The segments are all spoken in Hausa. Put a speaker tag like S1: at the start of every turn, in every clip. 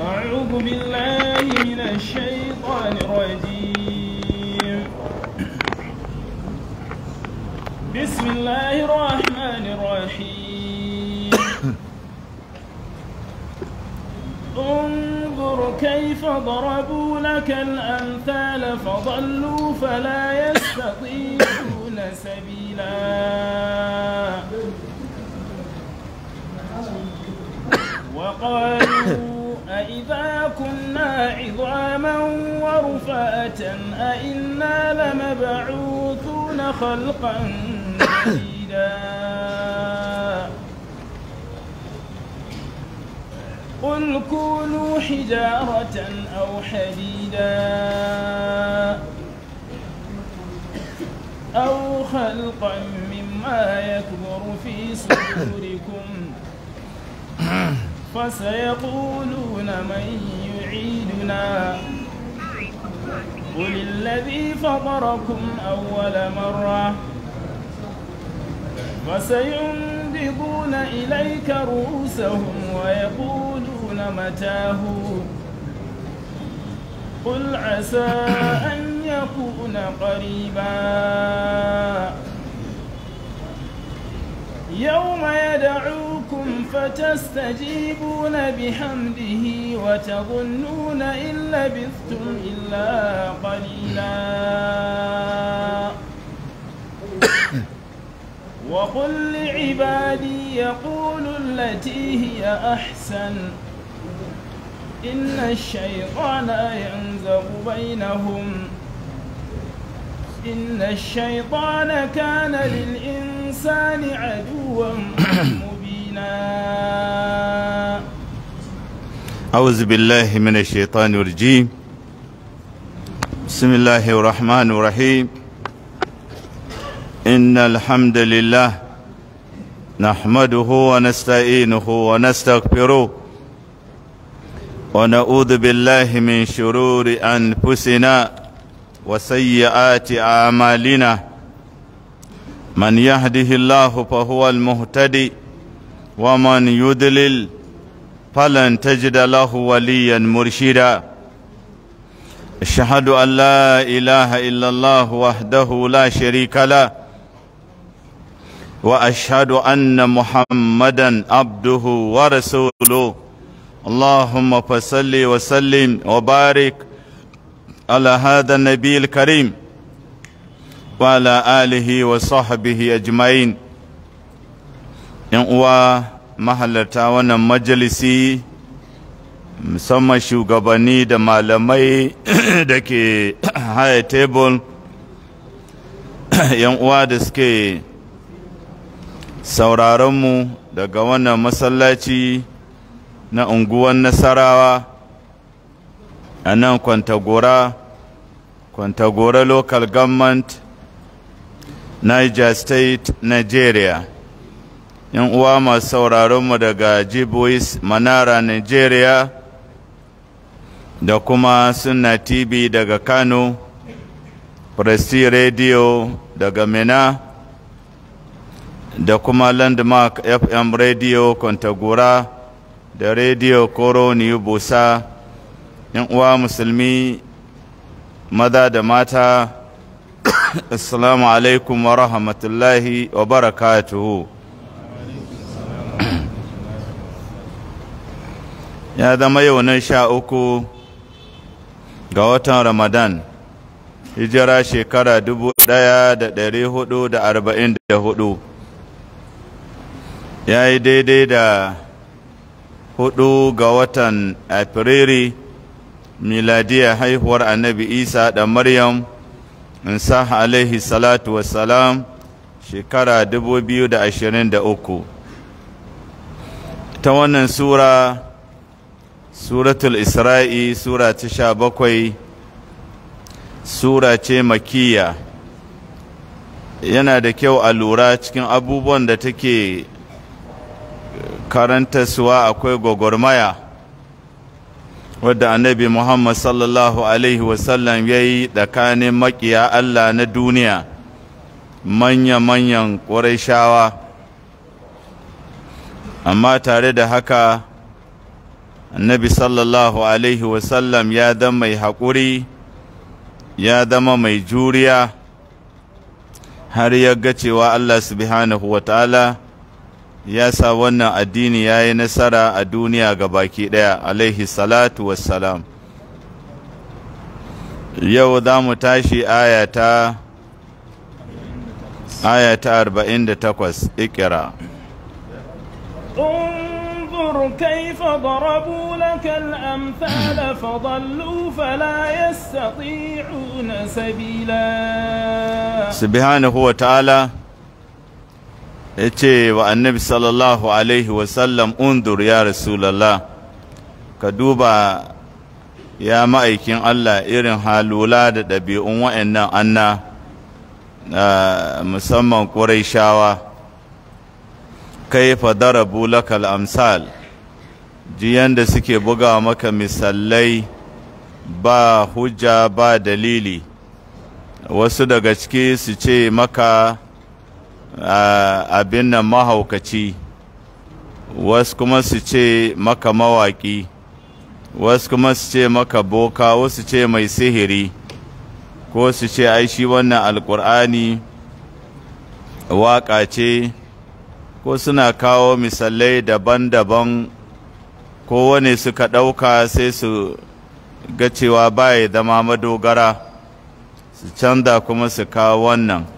S1: أعوذ بالله من الشيطان الرجيم بسم الله الرحمن الرحيم انظر كيف ضربوا لك الأمثال فضلوا فلا يستطيعون سبيلا وقالوا أإذا كنا عظاما ورفاتا أئنا لمبعوثون خلقا جديدا قل كونوا حجارة أو حديدا أو خلقا مما يكبر في صدوركم فسيقولون من يعيدنا قل الذي فطركم أول مرة فسينبضون إليك رؤوسهم ويقولون متاه قل عسى أن يكون قريباً يوم يدعوكم فتستجيبون بحمده وتظنون إن لبثتم إلا قليلا وقل لعبادي يقولوا التي هي أحسن إن الشيطان ينزغ بينهم إن الشيطان كان للإنسان للإنسان عدوا مبينا
S2: أعوذ بالله من الشيطان الرجيم بسم الله الرحمن الرحيم إن الحمد لله نحمده ونستعينه ونستغفره ونعوذ بالله من شرور أنفسنا وسيئات أعمالنا من يهده الله فهو المهتدي ومن يدلل فلن تجد له وليا مرشدا اشهد ان لا اله الا الله وحده لا شريك له واشهد ان محمدا عبده ورسوله اللهم فصل وسلم وبارك على هذا النبي الكريم alihi wa sahabihi أجمعين yan uwa mahalarta wannan majalisi musamman shugabanni da malamai da ke haya tebul uwa da suke sauraronmu daga wannan masallaci na unguwan nasarawa a nan kwantagora kwantagora local government Niger State, Nigeria. ‘Yan uwa masu sauraronmu daga Jibois Manara, Nigeria, da kuma Sunna TV daga Kano, Presti Radio daga Mina, da kuma Landmark FM Radio Kontagura da Radio Koro Busa ‘yan uwa musulmi maza da mata assalamu alaikum wa rahmatullahi wa barakatuhu ya zama yau nan sha uku ga watan ramadan hijira shekara dubu ɗaya da ɗari hudu da arba'in da hudu ya yi daidai da hudu ga watan afiriri miladiyar haihuwar annabi isa da maryam in alaihi salatu wassalam shekara 2023 ta wannan sura suratul isra'i sura ta sha bakwai sura ce makiya yana da kyau a lura cikin abubuwan da take suwa akwai gwagwarmaya wadda annabi Muhammad sallallahu Alaihi wasallam ya yi tsakanin makiya Allah na duniya manya-manyan ƙwarai shawa, amma tare da haka annabi sallallahu Alaihi wasallam ya zama mai haƙuri ya zama mai juriya har ya ga cewa Allah subhanahu wa ta'ala ya sa wannan addini ya yi nasara a duniya ga baki ɗaya alaihi salatu wassalam yau za mu tashi ayata ayata 48 ikira
S1: انظر كيف ضربوا لك الأمثال فضلوا فلا يستطيعون سبيلا
S2: سبحانه وتعالى ya ce wa annabi sallallahu alaihi wasallam undur ya rasulallah ka duba ya ma'aikin Allah irin halula da ɗabi'un wa'annan anna musamman ƙuraishawa kai fadara bulakal amsal Jiya da suke buga maka misalai ba hujja ba dalili wasu daga ciki su ce maka abin nan mahaukaci wasu kuma su ce maka mawaƙi wasu kuma su ce maka boka wasu ce mai sihiri ko su ce ai wannan alƙur'ani waƙa ce ko suna kawo misalai daban-daban kowane suka ɗauka sai su ga cewa baya zama madogara su canza kuma su kawo wannan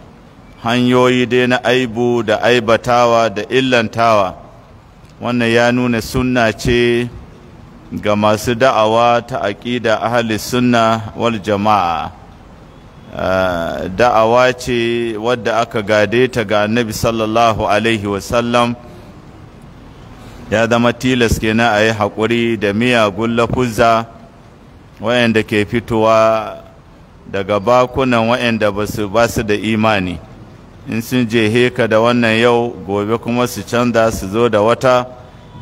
S2: hanyoyi dai na aibu da aibatawa da illantawa wannan ya nuna sunna ce ga masu da'awa ta aƙida ahli sunna wal jama'a ah, da'awa ce wadda aka gade ta ga annabi sallallahu alaihi wasallam ya zama tilas kenan a yi haƙuri da miyagun lafuzza wayanda ke fitowa daga bakunan wayanda ba su da imani in sun je heka da wannan yau gobe kuma su canza su zo da wata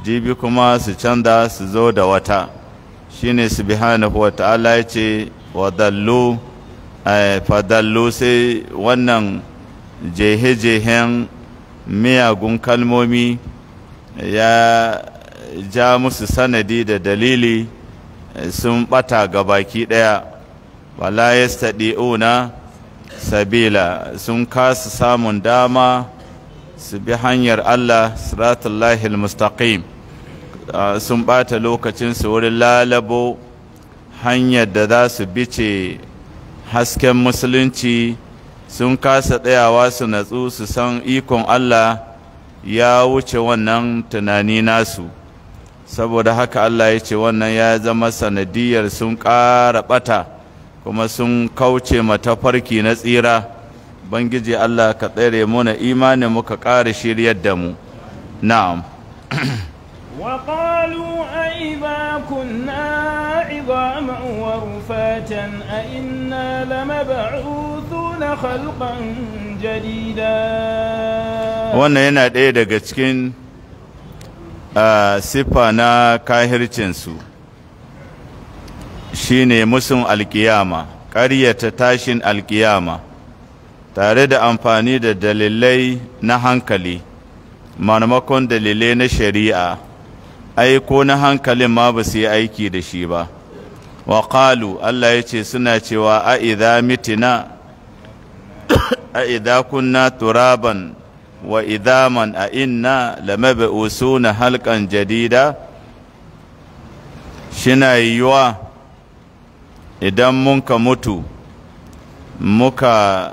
S2: jibi kuma su canza su zo da wata shine subhanahu wa ta'ala ya ce wa fadallu eh, sai wannan jehe-jehen miyagun kalmomi ya ja musu sanadi da dalili eh, sun bata ga baki daya wala yastadi'una sabila sun kasa samun dama su bi hanyar Allah siratullahi mustaqim ah, sun ɓata lokacinsu wurin lalabo hanyar da za su bice hasken musulunci sun kasa tsayawa su natsu su san ikon Allah ya wuce wannan tunani nasu saboda haka Allah ya ce wannan ya zama sanadiyar sun ƙara ɓata kuma sun kauce mata farki na tsira bangiji Allah ka tsere muna imanin muka ƙara shiryar da mu na'am
S1: وقالوا أئذا كنا عظاما ورفاتا أئنا na خلقا jarida?
S2: wannan yana ɗaya daga cikin ah, siffa na kahircinsu shine musun alkiyama ƙaryata tashin alkiyama tare da amfani da dalilai na hankali manamakon dalilai na shari'a aiko na hankalin ma ba su yi aiki da shi ba wa ƙalu Allah ya ce suna cewa a idha mitina a idha kunna turaban wa man a inna lamabe usuna halkan jadida shina yiwuwa idan mun ka mutu muka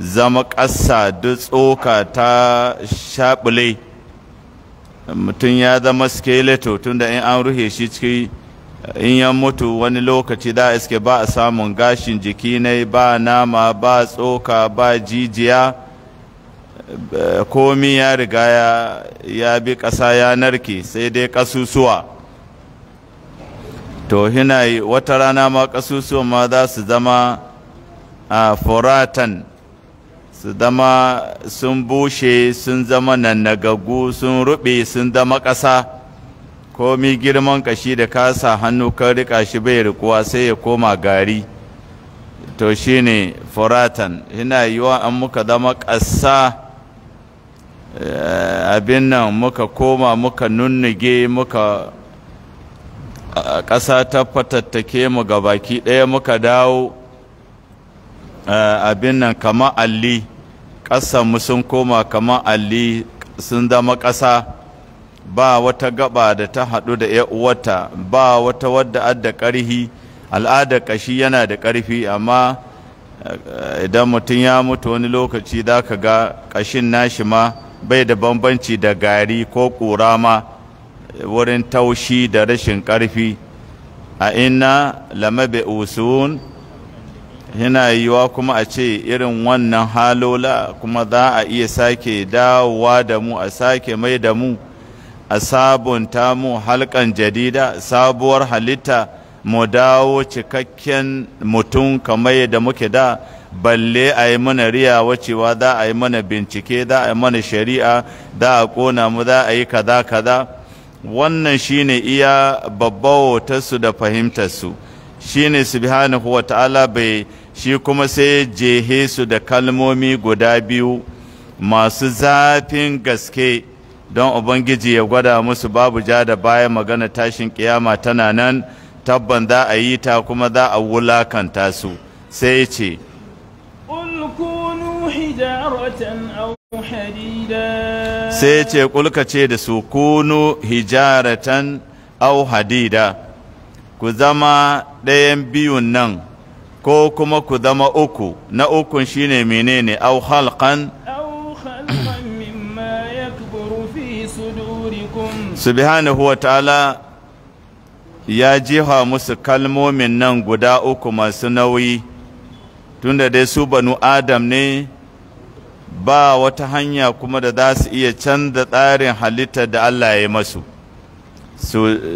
S2: zama ƙasa duk tsoka ta shaɓule mutum ya zama skeleto tunda in an ruhe shi ciki in ya mutu wani lokaci da iske ba a samun gashin jiki ne ba nama ba tsoka ba jijiya eh, komi ya riga ya bi ƙasa ya narke sai dai ƙasusuwa to hina yi wata rana ma ƙasusuwan ma za su zama a foratan su zama sun bushe sun zama nannagaggu sun ruɓe sun zama ƙasa komi girman ƙashi da kasa hannu kan riƙa shi bai rikuwa sai ya koma gari to shi ne foratan hina wa an muka zama ƙasa eh, abin nan muka koma muka nunnuge muka ƙasa ta fatattake mu ga baki ɗaya muka dawo abin nan kama alli ƙasanmu sun koma kama alli sun zama ƙasa ba wata gaba da ta haɗu da uwata ba wata wadda adda ƙarfi al'adar ƙashi yana da ƙarfi amma eh, idan mutum ya mutu wani lokaci za ka ga ƙashin nashi ma bai da bambanci da gari ko ƙura ma wurin taushi da rashin ƙarfi a ina lamabe usun yana yiwa kuma a ce irin wannan halola kuma za a iya sake dawowa da mu a sake mai da mu a sabunta mu halkan jadida sabuwar halitta mu dawo cikakken mutum kamar da muke da balle a yi mana riya wacewa za a yi mana bincike za a yi mana shari'a za a kona mu za a yi kaza kaza wannan shi ne iya babbawo su da fahimtarsu ne subhanahu wa ta'ala bai shi kuma sai jehe su da kalmomi guda biyu masu zafin gaske don ubangiji ya gwada musu babu ja da baya magana tashin kiyama tana nan tabban za a yi ta kuma za a wulakanta su sai ce
S1: hijjaratan
S2: sai ce kulka ce da su kunu hijaratan au hadida ku zama ɗayan biyun nan ko kuma ku zama uku na ukun shine menene au halkan subhanahu wa ta'ala ya jiha musu kalmomin nan guda uku masu nauyi tunda dai su banu adam ne ba wata hanya kuma da za su iya canza tsarin halitta da Allah ya yi masu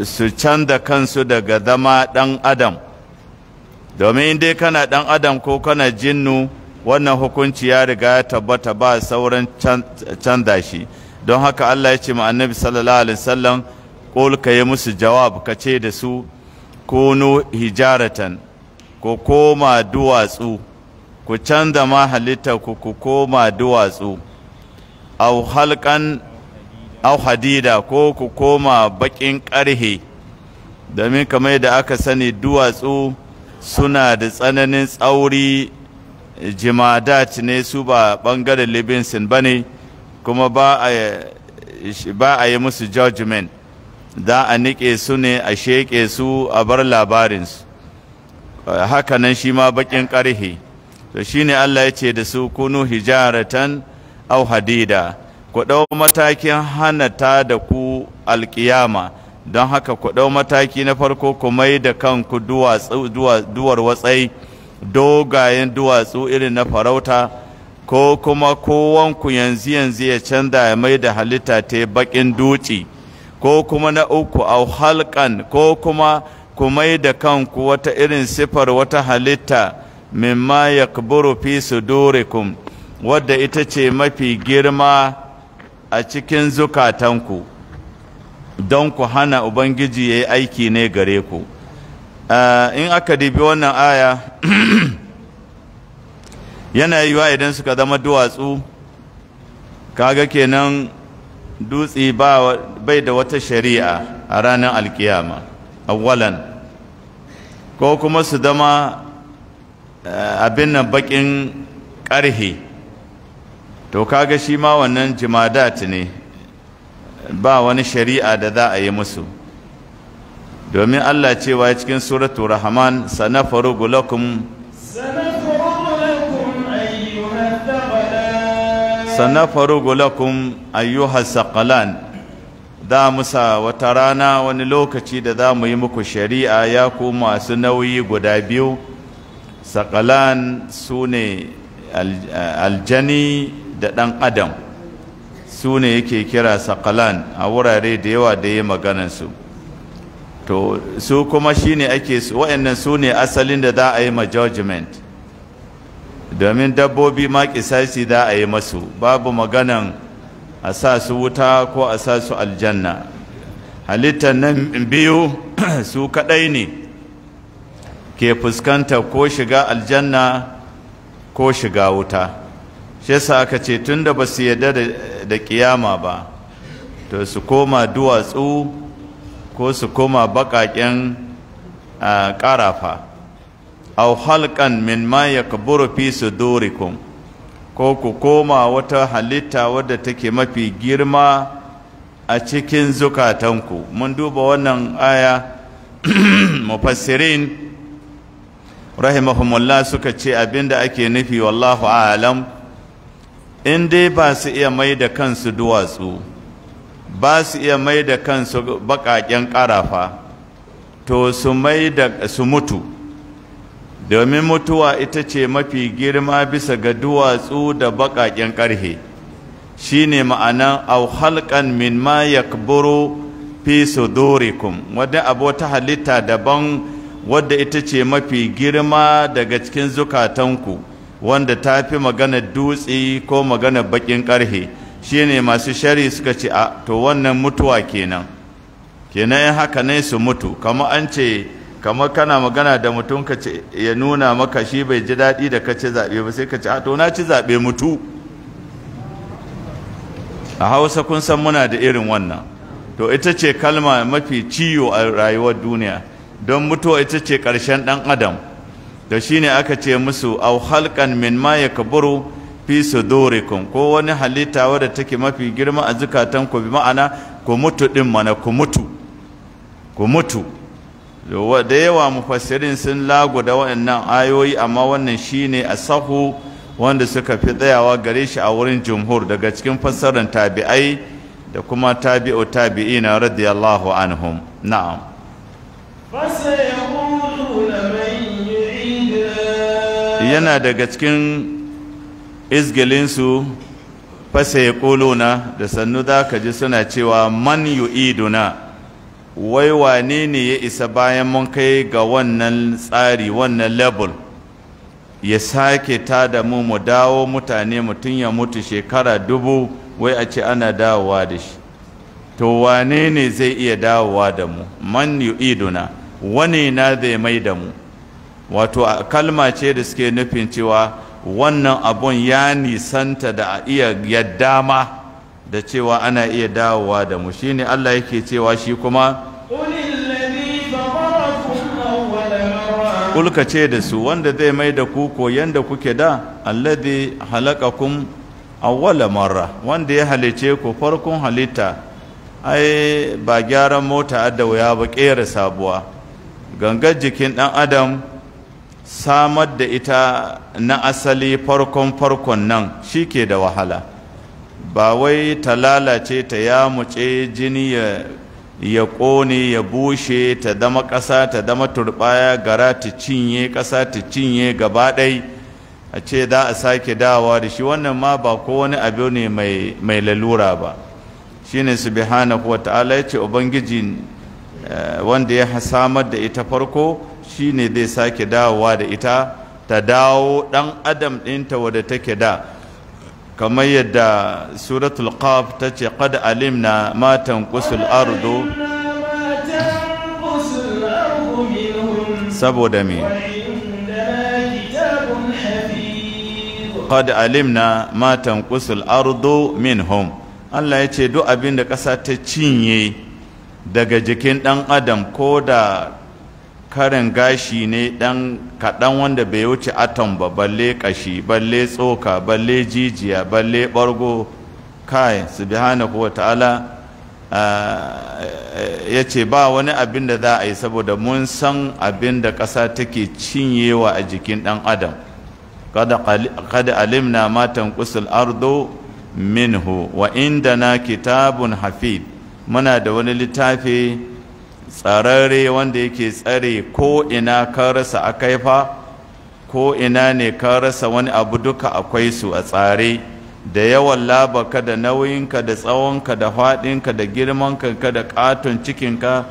S2: su canza kansu daga zama ɗan adam domin dai kana ɗan adam ko kana jinnu wannan hukunci ya riga ya tabbata ba sauran canza shi don haka Allah ya ce ma annabi sallallahu alaihi wasallam qul ka yi musu jawab ka ce da su kunu hijaratan ko koma duwatsu ku canza ma halitta ku ku koma duwatsu au halkan au hadida ko ku koma bakin ƙarhe domin kamar da aka sani duwatsu suna da tsananin tsauri jimadat ne su ba ɓangaren livingston ba ne kuma ba a yi musu judgment za a niƙe su ne a sheƙe su a bar labarinsu hakanan shi ma baƙin ƙarhe to shine Allah ya ce da su kunu hijaratan au hadida ku ɗau matakin hana ta da ku alƙiyama don haka ku ɗau mataki na farko ku mai da kanku duwar watsai dogayen duwatsu irin na farauta ko kuma kowanku yanzu yanzu ya canza ya mai da halitta ta baƙin duci ko kuma na uku au halkan ko kuma ku mai da kanku wata irin siffar wata halitta mimma su fi sudurikum wadda ita ce mafi girma a cikin zukatanku don ku hana ubangiji ya yi aiki ne gare ku in aka dibi wannan aya yana yiwa idan suka zama duwatsu kaga kenan dutse bai da wata shari'a a ranar alkiyama awwalan ko kuma su zama Eh, abin nan bakin ƙarhe to kaga shi ma wannan jimadat ne ba wani shari'a da za a yi musu domin Allah cewa cikin suratul rahman sanafarugu lakum sanafarugu lakum ayyuhas saqalan za mu sa wata rana wani lokaci da za mu yi muku shari'a ya ku masu nauyi guda biyu saƙalan su ne aljani da ɗan adam su ne yake kira sakalan a wurare da yawa da ya maganansu to su kuma shi ne ake waɗannan su ne asalin da za a yi ma judgment domin dabbobi ma kisasi za a yi masu babu maganan a sa su wuta ko a sa su aljanna halittar nan biyu su kaɗai ne ke fuskanta ko shiga aljanna ko shiga wuta shi yasa aka ce tunda ba su yarda da kiyama ba to su koma duwatsu ko su koma baƙaƙen ƙarafa Au halkan min ma kaburu fi dorikun ko ku koma wata halitta wadda take mafi girma a cikin zukatanku mun duba wannan aya mufassirin rahimahumullah suka ce abinda ake nufi wallahu alam in dai ba su iya mai da kansu duwatsu ba su iya mai da kansu baƙaƙen ƙarafa to su mai da su mutu domin mutuwa ita ce mafi girma bisa ga duwatsu da baƙaƙen ƙarhe shine ma'anan au halkan min ma yakburu fi sudurikum wanda abu halitta daban wadda ita ce mafi girma daga cikin zukatanku wanda ta fi maganar dutse ko maganar baƙin ƙarhe shi ne masu shari suka ce a to wannan mutuwa kenan kenan in haka ne su mutu kama an ce kama kana magana da mutum ka ce ya nuna maka shi bai ji daɗi da ka ce zaɓe ba sai ka ce a to na ci zaɓe mutu a hausa kun san muna da irin wannan to ita ce kalma mafi ciwo a rayuwar duniya don mutuwa ita ce ƙarshen ɗan adam da shi ne aka ce musu au halkan min ma kaburu fi sudurikum ko wani halitta wadda take mafi girma a zukatan ku bi ma'ana ku mutu ɗin mana ku mutu ku mutu da yawa mufassirin sun lagu da waɗannan ayoyi amma wannan shi shine asahu wanda suka fi tsayawa gare shi a wurin jumhur daga cikin fassarar tabi'ai da kuma tabi'u tabi'ina radiyallahu anhum na'am yana daga cikin izgilinsu fasa ya na da sannu za ka ji suna cewa man yu'iduna wai wane ne ya isa bayan mun kai ga wannan tsari wannan level ya sake ta da mu mu dawo mutane mutum ya mutu shekara dubu wai a ce ana dawowa da shi to wane ne zai iya dawowa da mu man yu'iduna wani na zai mai da mu wato kalma ce da suke nufin cewa wannan abun ya nisanta da iya yadda ma da cewa ana iya dawowa da mu shine Allah yake cewa shi kuma kulka ce da su wanda zai mai da ku koyan da kuke da alladhi halaqakum awwala marra wanda ya halice ku farkon halitta ai ba gyaran mota da wuya ba kera sabuwa gangar jikin ɗan adam samar da ita na asali farkon farkon nan shi ke da wahala ba wai ta lalace ta ya yamuce jini ya ya ƙone ya bushe ta dama ƙasa ta dama turɓaya gara ta cinye ƙasa ta cinye gaba ɗai a ce za a sake dawa da shi wannan ma ba ko wani abu ne mai lalura ba shine subhanahu wa ta'ala ya ce ubangiji Eh, wanda ya samar da ita farko shi ne zai sake dawowa da ita ta dawo ɗan adam ɗinta wadda take da kamar yadda suratul qaf ta ce qad alimna matan kusul ardu
S1: saboda me
S2: qad alimna matan kusul ardu minhum Allah ya ce duk abin da ƙasa ta cinye daga jikin ɗan adam ko da karin gashi ne ɗan kaɗan wanda bai wuce atom ba balle ƙashi balle tsoka balle jijiya balle ɓargo kai subhanahu wa ta'ala ah, eh, ya ce ba wani abin da za a yi saboda mun san abin da ƙasa take cinyewa a jikin ɗan adam kada alim na matan kusul ardo minhu wa inda na kitabun hafid muna da wani littafi tsararre wanda yake tsare ko ina ka rasa akaifa ko ina ne ka rasa wani abu duka akwai su a tsare da yawan labarka da nauyinka da tsawonka da faɗinka da girmanka da ƙaton cikinka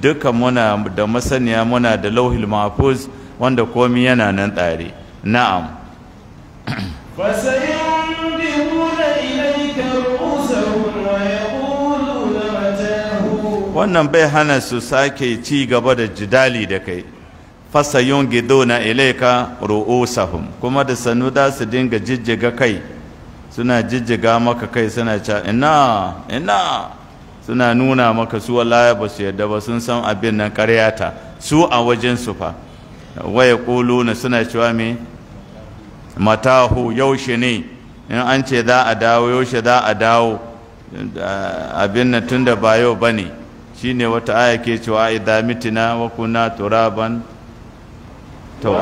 S2: duka muna da masaniya muna da lauhil mafuz wanda komi yana nan tsare na'am wannan bai hana su sake ci gaba da jidali da kai fasayun na ilaika ru'usahum kuma da sanu da su dinga jijjiga kai suna jijjiga maka kai suna ca ina ina suna nuna maka su wallahi ba su yadda ba sun san abin nan karyata su a wajen su fa waya na suna cewa me matahu yaushe ne in an ce za a dawo yaushe za a dawo abin nan tunda ba yau bane Shi ne wata aya ke cewa idan mitina wa kuna turaban to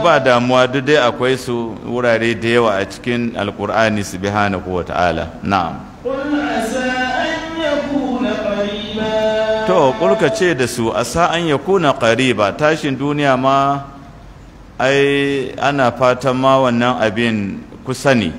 S2: ba damuwa duk akwai su wurare da yawa a cikin alkur'ani hana kowa ta'ala na'am to kulka ce da su a asa an kuna ƙariba, tashin duniya ma ai ana fatan ma wannan abin kusa ne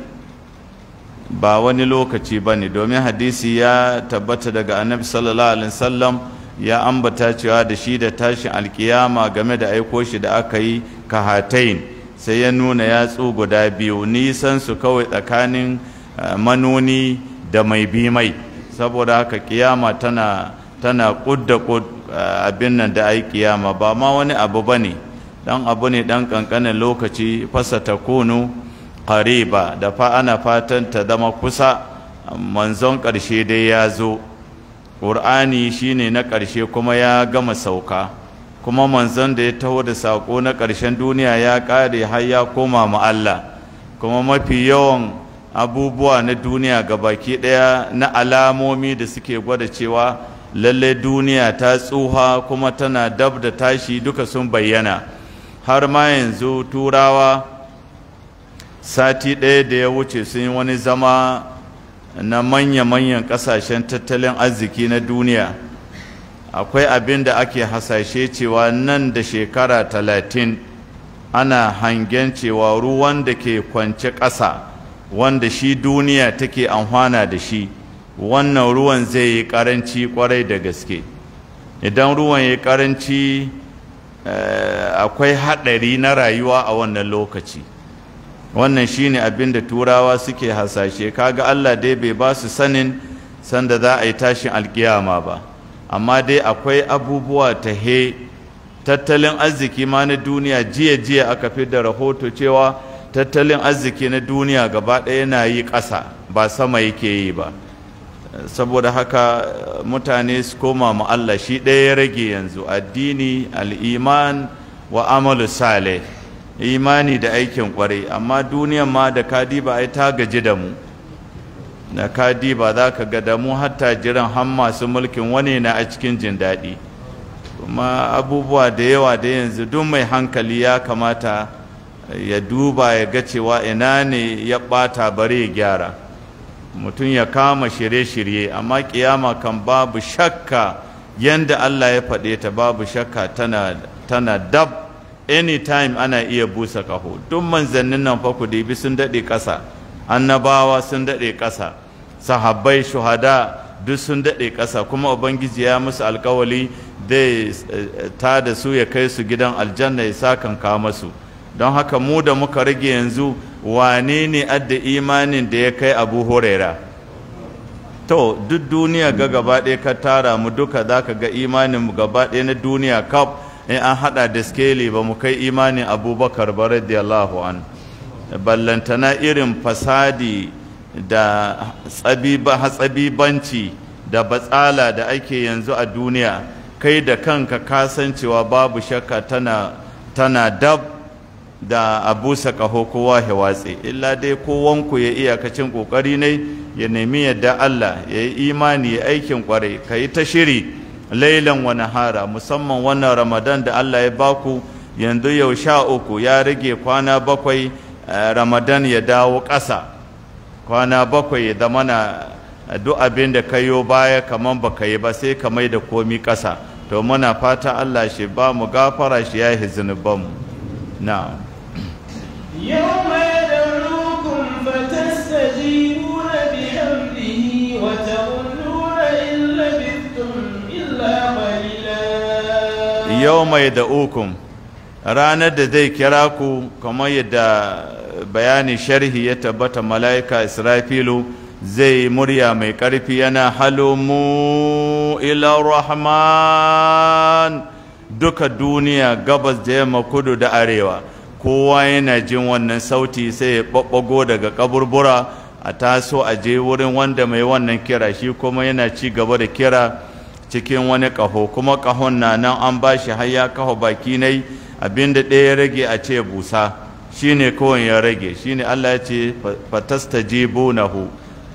S2: ba wani lokaci ba ne domin hadisi ya tabbata daga annabi sallallahu alaihi wasallam ya ambata cewa da shi da tashin alkiyama game da aiko shi da aka yi kahatain sai ya nuna yatsu guda biyu nisan su kawai tsakanin eh, manoni da mai bi mai saboda haka kiyama tana tana kud kud eh, abin nan da ai kiyama ba ma wani abu bane dan abu ne dan kankanin lokaci fasa kunu, kariba da fa ana fatan ta zama kusa manzon ƙarshe dai ya zo ƙur'ani shine na ƙarshe kuma ya gama sauka kuma manzon da ya taho da saƙo na ƙarshen duniya ya ƙare har ya koma ma Allah kuma mafi yawan abubuwa na duniya ga baki ɗaya na alamomi da suke gwada cewa lallai duniya ta tsuha kuma tana dab da tashi duka sun bayyana har ma yanzu turawa sati ɗaya da ya wuce sun yi wani zama na manya-manyan ƙasashen tattalin arziki na duniya akwai abin da ake hasashe cewa nan da shekara talatin ana hangen cewa ruwan da ke kwance ƙasa wanda shi duniya take amfana da shi wannan ruwan zai yi ƙaranci kwarai da gaske idan ruwan ya yi ƙaranci Eh, akwai haɗari na rayuwa a wannan lokaci wannan shine abin da turawa suke hasashe kaga Allah dai bai ba su sanin sanda za a yi tashin alkiyama ba amma dai akwai abubuwa ta he tattalin arziki ma na duniya jiya jiya aka fi da rahoto cewa tattalin arziki na duniya gaba ɗaya yana yi ƙasa ba sama yake yi ba saboda haka mutane su koma mu Allah shi ɗaya ya rage yanzu addini al'iman wa amalu sale imani da aikin ƙwarai amma duniyan ma da ba ai ta gaji da mu na kadiba za ka ga da mu hatta jiran har masu mulkin wani na a cikin jin daɗi kuma abubuwa da yawa da yanzu duk mai hankali ya kamata ya duba ya ga cewa ina ne ya ɓata bari ya gyara mutum ya kama shirye-shirye amma kiyama kan babu shakka yadda Allah ya faɗe ta babu shakka tana dab anytime ana iya busa kaho duk manzannin nan fa ku dibi sun daɗe ƙasa annabawa sun daɗe ƙasa sahabbai shuhada duk sun daɗe ƙasa kuma ubangiji ya musu alkawali zai eh, ta da su ya kai su gidan aljanna ya sa kan masu don haka mu da muka rage yanzu wane ne adda imanin da ya kai abu huraira to duk duniya ga gaba ka tara mu duka za ka ga imanin mu gaba na duniya kaf in an haɗa da skeli ba mu kai imanin abubakar ba radiyallahu an ballantana irin fasadi da hatsabibanci da batsala da ake yanzu a duniya kai da kanka kasancewa babu shakka tana dab da a busa kaho kowa ya watse illa dai kowanku ya iyakacin kokari ne ya nemi yadda Allah ya yi imani ya aikin kwarai, ka yi ta shiri lailan wa nahara musamman wannan ramadan da Allah ya baku yanzu yau sha uku ya rage kwana bakwai eh, ramadan ya dawo ƙasa kwana bakwai ya zama na eh, duk abin da ka yo baya kamar ba ka yi ba sai ka mai da komi ƙasa to muna fata Allah shi ba mu gafara shi ya yi zunubanmu na'am
S1: yawma yad'ukum fatastajibuna bihamdihi wa taquluna in labithtum illa
S2: qalila yawma ranar da zai kira ku kamar yadda bayani sharhi ya tabbata mala'ika israfilu zai murya mai ƙarfi yana halomu ila rahman duka duniya gabas da yamma kudu da arewa kowa yana jin wannan sauti sai ya ɓaɓɓago daga kaburbura a taso a je wurin wanda mai wannan kira shi kuma yana ci gaba da kira cikin wani ƙaho kuma ƙahon na nan an ba shi har ya baki nai abinda ɗaya ya rage a ce busa Shi ne kawai ya rage Shi ne Allah ya ce bonahu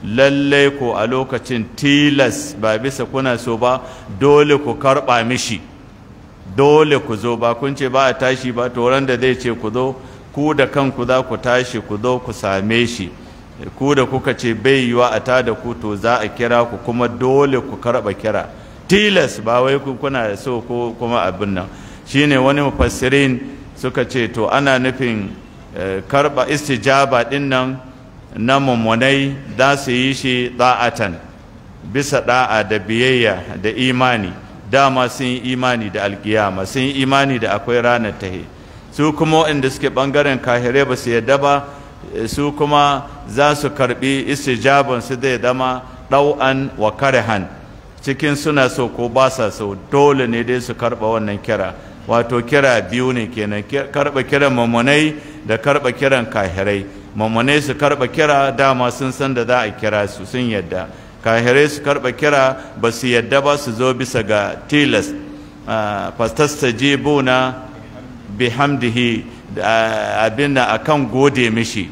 S2: lallai ko a lokacin tilas ba bisa kuna so ba dole ku karɓa mishi dole ku zo ba kun ce ba a tashi ba to ran da zai ce ku zo ku da kanku za ku tashi ku zo ku same shi ku da kuka ce bai yiwa a ta da ku to za a kira ku kuma dole ku karɓa kira tilas ba wai ku kuna so ko kuma abin nan shine wani mufassirin suka ce to ana nufin eh, karɓa istijaba ɗin nan na mummunai za su yi shi da'atan bisa da'a da biyayya da imani dama sun yi imani da alkiyama sun yi imani da akwai ranar tahe su kuma waɗanda suke ɓangaren kahire ba su yadda ba eh, su kuma za su karɓi istijaban su zai zama ɗau'an wa karehan cikin suna so ko ba sa so dole ne dai su karɓa wannan kira wato kira biyu ne kenan karɓa kiran mamanai da karɓa kiran kahirai mamanai su karɓa kira dama sun san da za a kira su sun yadda kahirai su karɓa kira ba su yadda ba su zo bisa ga tilas ah, fastastajibuna bihamdihi abin a kan gode mishi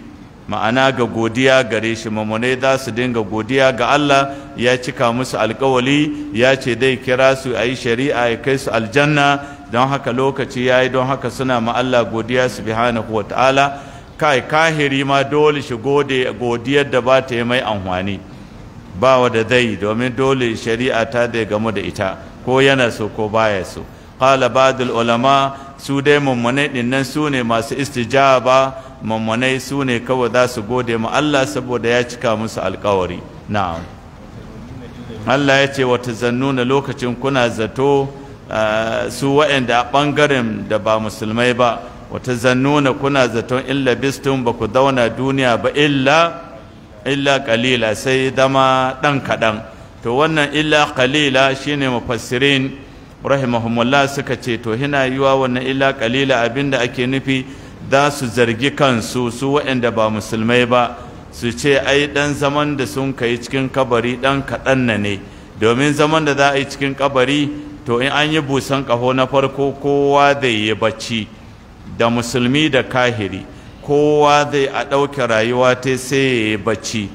S2: ma'ana ga godiya gare shi mamunai za su dinga godiya ga Allah ya cika musu alkawali ya ce dai kira su a yi shari'a ya kai su aljanna don haka lokaci ya yi don haka suna ma Allah godiya subhanahu wa ta'ala kai kahiri ma dole shi godiyar da ba ta yi mai amfani ba wa da zai domin dole shari'a ta zai gamu da ita ko yana so ko baya so qala ba'dul ulama su dai mummunai dinnan su ne masu istijaba mummune su ne kawai za su gode ma Allah saboda ya cika musu alkawari na'am Allah ya ce wata zannuna lokacin kuna zato eh, su waɗanda a ɓangaren da ba musulmai ba wata zannuna kuna zaton illa bistun ba ku zauna duniya ba illa illa kalila sai zama dan kadan to wannan illa kalila shine mufassirin rahimahumullah suka ce to hina yiwa wannan illa kalila abinda ake nufi za su zargi kansu su waɗanda ba musulmai ba su ce ai dan zaman da sun kai cikin kabari dan kadan na ne domin zaman da za a yi cikin kabari to in an yi busan kaho na farko kowa da yi bacci da musulmi da kahiri kowa zai a ɗauke rayuwa ta sai ya yi bacci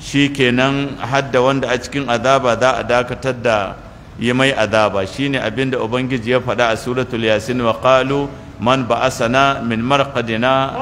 S2: shi kenan hadda wanda a cikin azaba za a dakatar da yi mai azaba shine abinda ubangiji ya faɗa a suratul yasin wa ƙalu man ba'asana min marqadina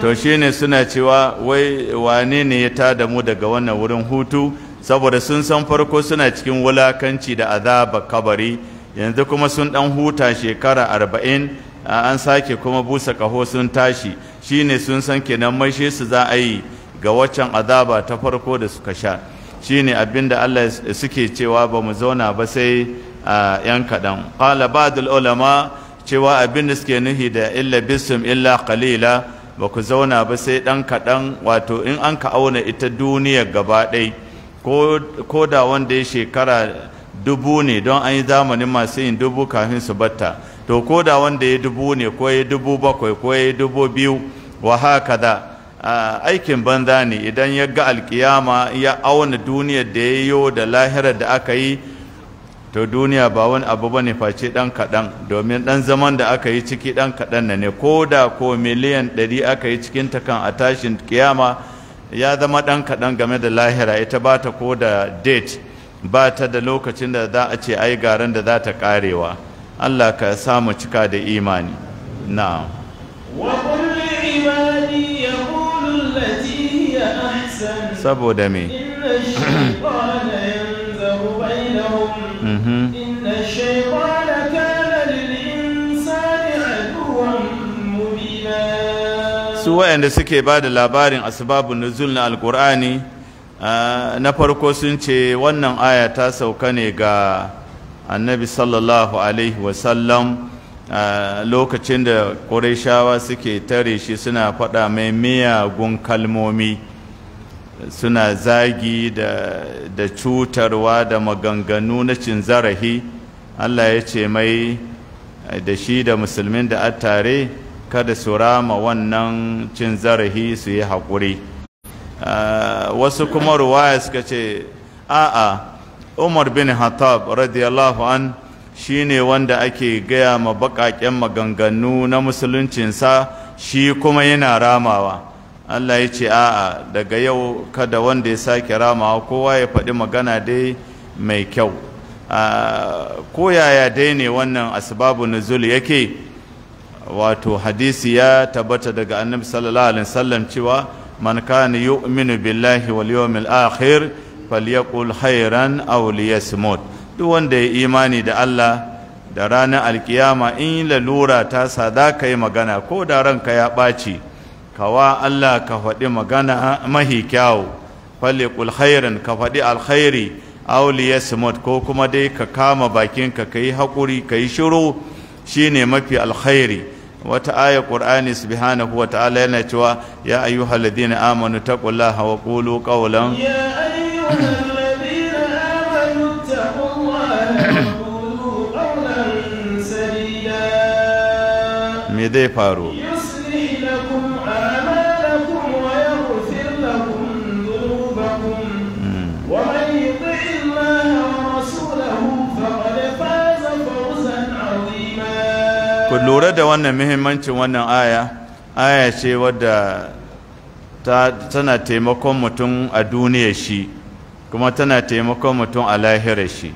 S2: to shi ne suna cewa wai wane ne ya tada mu daga wannan wurin hutu saboda sun san farko suna cikin wulakanci da azaba kabari yanzu kuma sun dan huta shekara arba'in an sake kuma busa kaho sun tashi shine sun san kenan maishe su za a yi ga waccan azaba ta farko da suka sha shine da Allah suke cewa ba mu zauna ba sai a yan kaɗan qala ba'dul ulama cewa abin da suke nuhi da illa bisum illa qalila ba ku zauna ba sai ɗan kaɗan wato in an ka auna ita duniya gaba ɗaya ko da wanda ya shekara dubu ne don an yi zamanin masu yin dubu kafin su batta to ko da wanda ya dubu ne ko ya dubu bakwai ko ya dubu biyu wa haka da aikin banza ne idan ya ga alkiyama ya auna duniyar da ya yi da lahira da aka yi to duniya ba wani abu ba ne face dan kaɗan domin dan zaman da aka yi ciki dan kaɗan na ne ko da ko miliyan ɗari aka yi cikin ta kan a tashin kiyama ya zama ɗan kaɗan game da lahira ita ba ta ko da date ba ta da lokacin da za a ce ai garin da za ta karewa Allah ka samu cika da imani na saboda me
S1: inna shaytana
S2: waɗanda suke ba da labarin asbabun nuzul na alkur'ani ah, na farko sun ce wannan aya ta sauka ne ga annabi sallallahu alaihi wasallam ah, lokacin da ƙurayshawa suke tare shi suna faɗa mai miyagun kalmomi suna zagi da cutarwa da maganganu na cin zarahi allah ya ce mai da shi da musulmin da attare tare kada su rama wannan cin zarafi su yi haƙuri ah, wasu kuma ruwaya suka ce a'a umar bin hattab radiyallahu an shi ne wanda ake gaya ma baƙaƙen maganganu na musuluncinsa shi kuma yana ramawa allah ya ce a'a daga yau kada wanda ya sake ramawa kowa ya faɗi magana dai mai kyau ah, ko yaya dai ne wannan asibabu na zulu yake wato hadisi ya tabbata daga annabi sallallahu alaihi wasallam cewa man kana yu'minu billahi wal yawmil akhir falyaqul khairan aw liyasmut duk wanda ya imani da Allah da ranar alkiyama in lalura ta sada ka yi magana ko da ranka ya ɓaci kawa Allah ka faɗi magana mahi kyawu falikul khairin ka faɗi alkhairi auliya smut ko kuma dai ka kama bakinka ka yi haƙuri ka yi shiru shine mafi alkhairi wata aya qur'ani subhanahu wata'ala yana cewa ya ayyuhal ladina amanu taqullaha wa qulu qawlan wa me zai faru ku lura da wannan muhimmancin wannan aya aya ce wadda tana taimakon mutum a duniya shi kuma tana taimakon mutum a lahira shi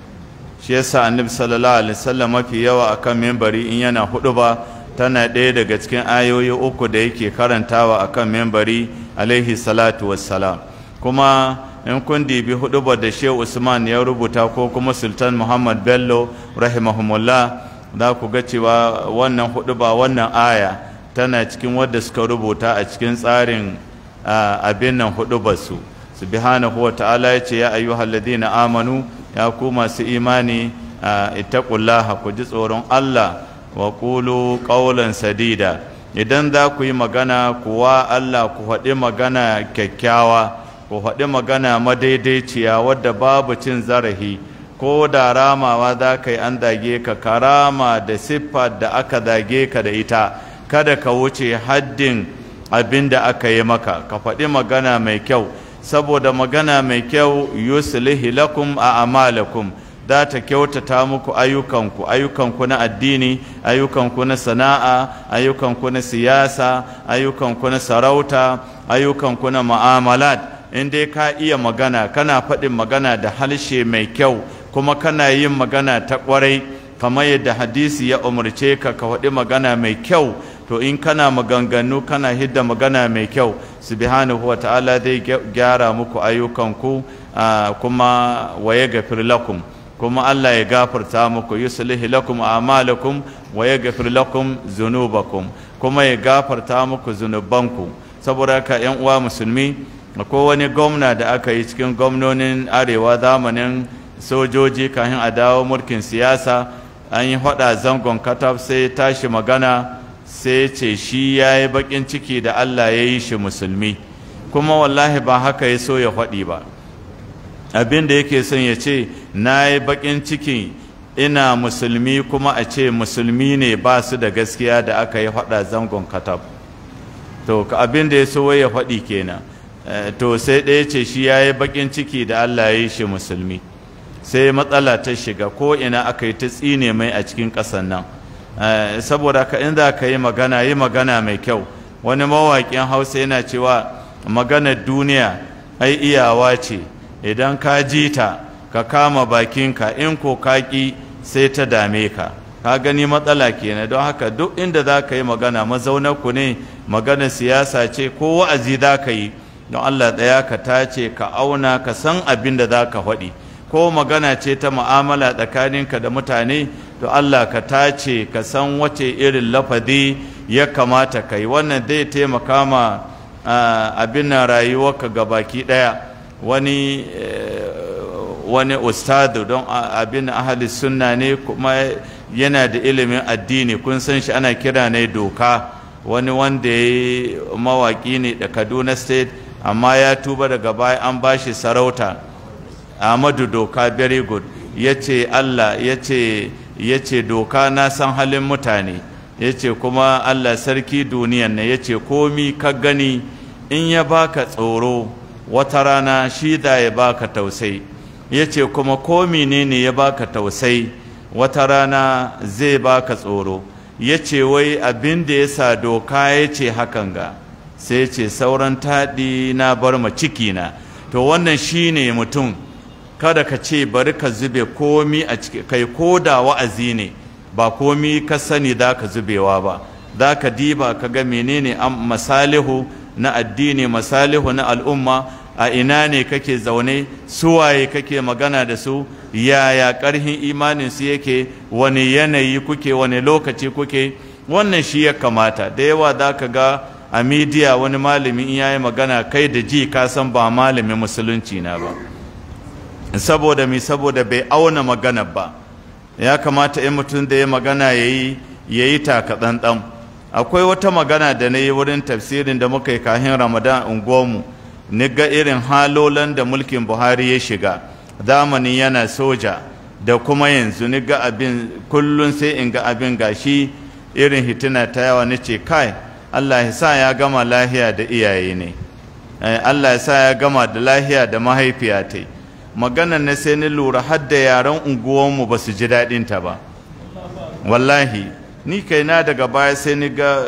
S2: shi yasa annabi sallallahu alaihi wasallam mafi yawa akan membari in yana hudu ba tana ɗaya daga cikin ayoyi uku da yake karantawa akan membari alaihi salatu wassalam kuma in kun dibi hudu ba da shehu usman ya rubuta ko kuma sultan muhammad bello rahimahumullah za ku ga cewa wannan ba wannan aya tana cikin wadda suka rubuta a cikin tsarin abin nan hudubarsu subhanahu wa ta'ala ya ce ya ayu halladina amanu ya ku masu imani kula ku ji tsoron Allah wa kulu qawlan sadida idan za ku yi magana kuwa Allah ku faɗi magana kyakkyawa ku faɗi magana madaidaiciya wadda babu cin zarafi ko da ramawa za ka yi an dage ka karama da siffat da aka zage ka da ita kada ka wuce haddin abin da aka yi maka ka faɗi magana mai kyau saboda magana mai kyau yuslihi lakum a amalakum za ta kyautata muku ayyukanku ayyukanku na addini ayyukanku na sana'a ayyukanku na siyasa ayyukanku na sarauta ayyukanku na ma'amalat in dai ka iya magana kana faɗin magana da harshe mai kyau kuma kana yin magana ta kwarai kamar yadda hadisi ya umarce ka ka faɗi magana mai kyau to in kana maganganu kana hidda magana mai kyau subhanahu wa ta'ala zai gyara muku ayyukanku kuma wa ya gafir lakum kuma Allah ya gafarta muku yuslihi lakum a'malakum wa gafir lakum zunubakum kuma ya gafarta muku zunubanku saboda haka ƴan uwa musulmi ko wani gwamna da aka yi cikin gwamnonin arewa zamanin sojoji kahin a dawo mulkin siyasa an yi hada zangon kataf sai tashi magana sai ce shi ya yi bakin ciki da Allah ya yi shi musulmi kuma wallahi ba haka ya so ya faɗi ba abin da yake son ya ce na yi bakin ciki ina musulmi kuma a ce musulmi ne ba su da gaskiya da aka yi hada zangon kataf to abin da ya so ya faɗi kenan eh, to sai ɗaya ce shi ya yi bakin ciki da Allah ya yi shi musulmi sai matsala ta shiga ko ina aka yi ta tsine mai a cikin ƙasan nan eh, saboda ka in ka yi magana yi magana mai kyau wani mawaƙin hausa yana cewa maganar duniya ai iyawa ce idan ka ji ta ka kama bakinka in ko kaƙi sai ta dame ka ka gani matsala kenan don haka duk inda za ka yi magana ku ne magana siyasa ce ko wa'azi za ka yi don allah ɗaya ka tace ka auna ka san abin da za ka faɗi ko magana ce ta mu'amala tsakaninka da mutane to Allah ka tace ka san wace irin lafazi ya kamata kai wannan zai taimaka ma abin rayuwarka ga baki ɗaya wani eh, wani ustadu don abin ahli sunna ne kuma yana da ilimin addini kun san shi ana kira ne doka wani wanda ya mawaƙi ne da kaduna state amma ya tuba daga baya an bashi sarauta Ahmadu doka very good ya ce Allah ya ce doka na san halin mutane ya ce kuma Allah sarki duniyan na ya ce komi ka gani in ya baka tsoro wata rana shi da ya baka tausai ya ce kuma komi ne ne ya baka tausai wata rana zai baka tsoro ya ce wai abin da ya sa doka ya ce hakan ga sai ce sauran taɗi na bar ma cikina to wannan shi ne mutum kada ka ce bari ka zube komi a ciki kai ko da wa'azi ne ba komi ka sani da ka zubewa ba za ka diba ka ga menene masalihu na addini masalihu na al'umma a ina ne kake zaune suwaye kake magana da su yaya ƙarhin su yake wani yanayi kuke wani lokaci kuke wannan shi ya kamata da yawa za ka ga a midiya wani malamin in yayi magana kai da ji ka san ba malamin musulunci na ba saboda mi saboda bai auna magana ba ya kamata in mutum da ya magana yayi yayi yi takaɗanɗan akwai wata magana da na yi wurin tafsirin da muka yi kahin ramadan unguwarmu ni ga irin halolan da mulkin buhari ya shiga zamani yana soja da kuma yanzu ni ga abin kullum sai in ga abin gashi irin hitina ta yawa ni ce kai allah ya sa ya gama lahiya da iyaye ne eh, allah ya sa ya gama da lahiya da mahaifiya ta yi Maganar na sai ni lura har da yaran unguwanmu ba su ji daɗinta ba wallahi ni kaina daga baya sai ni ga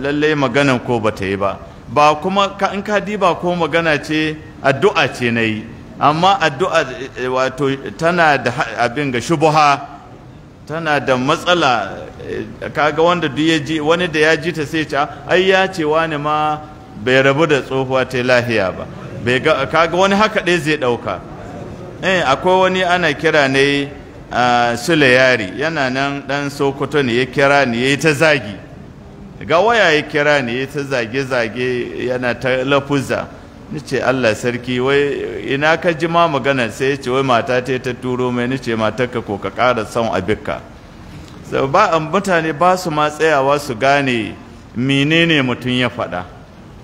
S2: lallai maganar ko ba ta yi ba ba kuma in ka diba ko magana ce addu'a ce na yi amma addu'a wato tana da abin ga shubuha tana da matsala kaga wanda duk ji wani da ya ji ta sai ce ai ya ce wani ma bai rabu da tsohuwa ta lahiya ba kaga wani haka ɗaya zai ɗauka eh akwai wani ana kira ne a sulayari yana nan dan sokoto ne ya kira ne ya ta zagi ga waya ya kira ne ya ta zage-zage yana ta lafuzza ni ce allah sarki wai ina ka ji ma magana sai ya ce wai mata ta ta turo mai ni ce ka ko ka ƙara son abinka so, ba mutane ba su ma tsayawa su gane menene mutum ya faɗa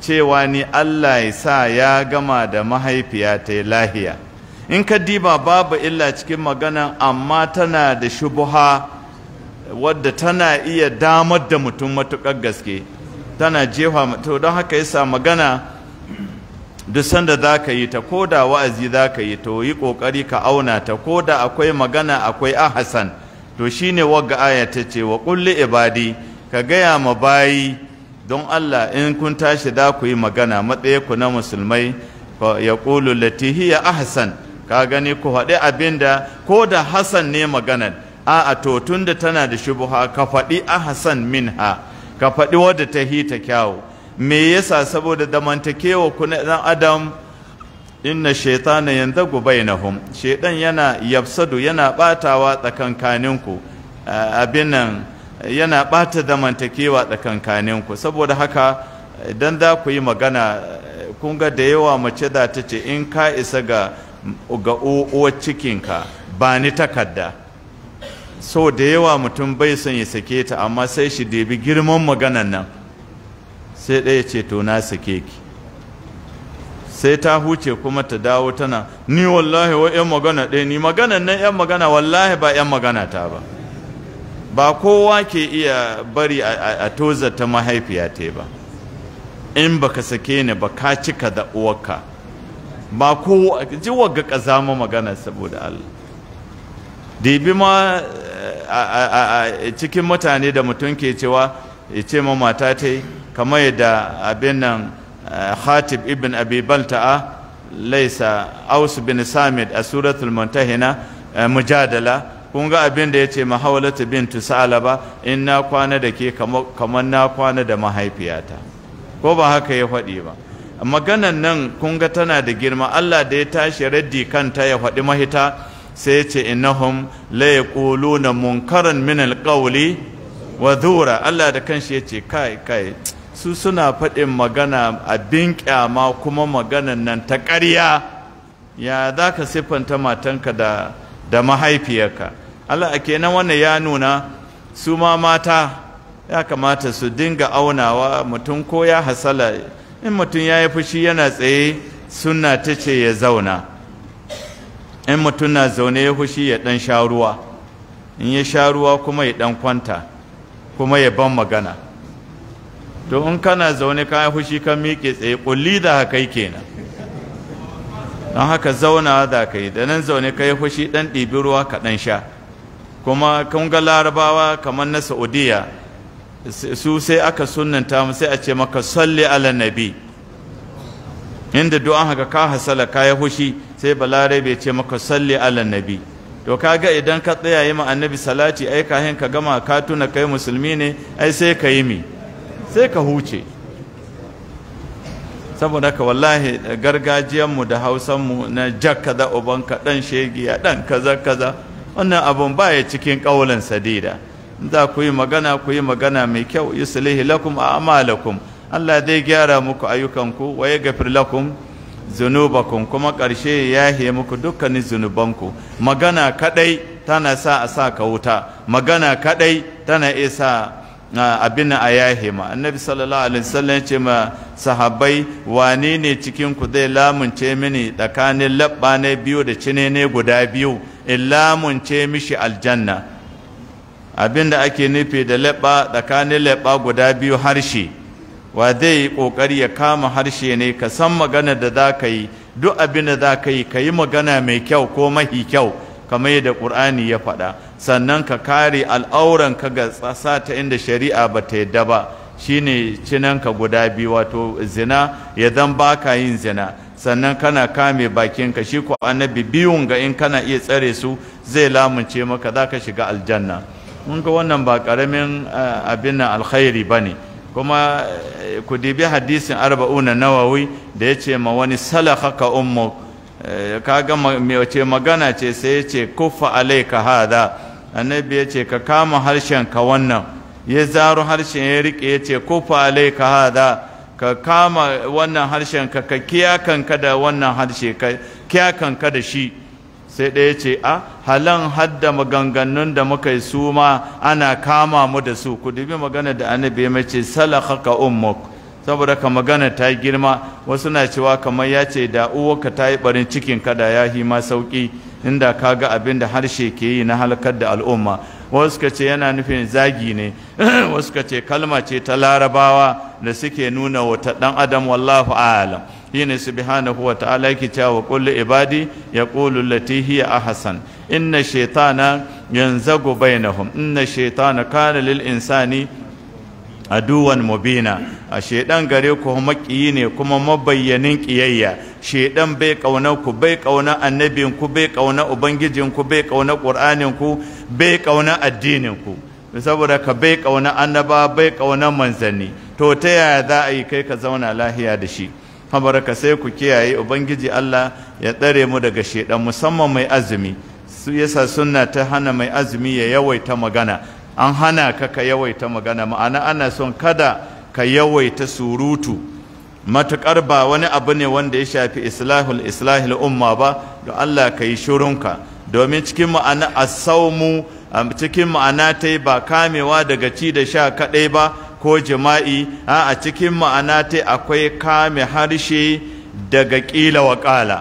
S2: cewa ni allah ya sa ya gama da mahaifiya ta lahiya in ka babu illa cikin magana amma tana da shubuha wadda tana iya damar da mutum matuƙar gaske tana jefa to don haka yasa magana duk sanda za ka yi ta ko da wa'azi za ka yi to yi ƙoƙari ka auna ta ko da akwai magana akwai ahasan to shine wagga aya ta ce wa kulli ibadi ka gaya ma bayi don Allah in kun tashi za ku yi magana matsayi ku na musulmai ya ƙulu latihiya ya ahasan ka gani ku faɗi abin da ko da hasan ne maganar a'a to tunda tana da shubuha ka faɗi a min ha, ka faɗi wadda ta ta kyawu me yasa saboda damantakewa ku na ɗan adam inna shaytana yanzagu bainahum shaytan yana yafsadu yana batawa tsakankanin ku abin nan yana bata damantakewa tsakankanin ku saboda haka idan za ku yi magana eh, kun ga da yawa mace da ta ce in ka isa ga ga uwar cikinka ba ni takarda so da yawa mutum bai son ya sake ta amma sai shi debi girman maganan nan sai ɗaya ce to na sake ki sai ta huce kuma ta dawo tana ni wallahi wa yan magana ɗaya ni maganan nan yan magana wallahi ba yan magana ta ba ba kowa ke iya bari a tozata mahaifiya ta ba in baka sake ni ba ka cika da uwarka ba ko ji ga kaza ma magana saboda Allah dibi ma eh, cikin mutane da mutum ke cewa ya ce ma mata ta yi kamar yadda abin nan eh, khatib ibn abi balta'a laisa aus bin samid a suratul muntahina eh, mujadala kun ga abin da ya ce bin tusala ba in na kwana da ke kamar na kwana da mahaifiyata ko ba haka ya faɗi ba maganan nan kun ga tana da girma Allah da ya tashi raddi kanta ya faɗi mahita sai ce innahum la yaquluna munkaran min alqawli wa dhura Allah da kanshi yace, ce kai kai su suna faɗin magana abin kyama kuma maganan nan ta ƙarya ya za ka siffanta matanka da da mahaifiyarka Allah a kenan wannan ya nuna su ma mata ya kamata su dinga aunawa mutum ko ya hasala in mutum ya yi fushi yana tsaye suna ta ce ya zauna in mutum na zaune ya fushi ya ɗan sha ruwa in ya sha ruwa kuma ya ɗan kwanta kuma ya ban magana to in kana zaune ka yi fushi ka miƙe tsaye ƙulli da haka yi kenan don haka zauna za ka yi da nan zaune ka yi fushi ɗan ɗibi ruwa ka ɗan sha kuma kun ga larabawa kamar na Saudiyya. su sai aka sunanta mu sai a ce maka salli ala nabi inda du'an haka ka hasala ka ya hushi sai bai ce maka salli ala nabi to kaga idan ka tsaya yi ma annabi salati ai hin ka gama ka tuna kai musulmi ne ai sai ka yi mi sai ka huce saboda ka wallahi gargajiyanmu da hausanmu na jakkaza ubanka dan shegiya dan kaza kaza wannan abun baya cikin ƙaulan sadida za ku yi magana ku yi magana mai kyau yuslihi lakum a'malakum Allah zai gyara muku ayyukanku wa yaghfir lakum zunubakum kuma ƙarshe ya yahe muku dukkanin zunubanku magana kaɗai tana sa a sa ka wuta magana kaɗai tana iya sa abin a yahe ma annabi sallallahu alaihi wasallam ce ma sahabbai wane ne cikin ku zai lamunce mini tsakanin labba ne biyu da cine ne guda biyu in lamunce mishi aljanna Abin da ake nufi da leɓa tsakanin leɓa guda biyu harshe wa zai yi ƙoƙari ya kama harshe ne ka san magana da za ka yi duk abin da za ka yi ka yi magana mai kyau ko mahi kyau kamar yadda ƙur'ani ya faɗa sannan ka kare al'auran ka ga tsasa ta inda shari'a ba ta yadda ba shine cinanka guda biyu wato zina ya zan baka yin zina sannan kana kame bakinka shi ko annabi biyun ga in kana iya tsare su zai lamunce maka za ka shiga aljanna mun ga wannan ba ƙaramin eh, abin nan alkhairi ba ne kuma eh, ku dibi hadisin arba'una nawawi da ya ce ma wani salaka ka ummu eh, ka ga wace magana ce sai ya ce kuffa ka hada annabi ya ce ka kama harshen ka wannan ya zaro harshen ya rike ya ce kuffa ka hada ka kama wannan harshen ka ka kiya kanka da wannan harshe ka kiya kanka da shi sai ɗaya ce a halan hadda maganganun da muka yi su ma ana kama mu da su ku dubi magana da annabi ya mace ka ummuk saboda ka magana ta girma wasu na cewa kamar ya ce da uwarka ta yi barin cikin kada ya hi ma sauki inda ka ga abin da harshe ke yi na halakar da al'umma wasu ka ce yana nufin zagi ne wasu ka ce kalma ce ta larabawa da suke nuna wata ɗan adam wallahu alam shine subhanahu wa ta'ala yake cewa qul ibadi yaqulu allati hiya ahsan inna shaytana yanzagu bainahum inna shaytana kana lil insani aduwan mubina a shedan gare ku makiyi ne kuma mabayyanin kiyayya shedan bai kauna ku bai kauna annabin ku bai kauna ubangijin ku bai kauna qur'anin ku bai kauna addinin ku saboda ka bai kauna annaba bai kauna manzanni to ta yaya za a yi kai ka zauna lahiya da shi habaraka sai ku kiyaye ubangiji Allah ya tsare mu daga shedan musamman mai azumi su yasa sunna ta hana mai azumi ya yawaita magana an hana ka ka yawaita magana ma'ana ana son kada ka yawaita surutu Matuƙar ba wani abu ne wanda ya shafi islahul islahil umma ba da Allah ka yi shurunka domin cikin ma'ana asaumu cikin ma'ana ta yi ba kamewa daga ci da sha kaɗai ba ko jima'i a cikin ma'ana ta akwai kame harshe daga ƙila wa ƙala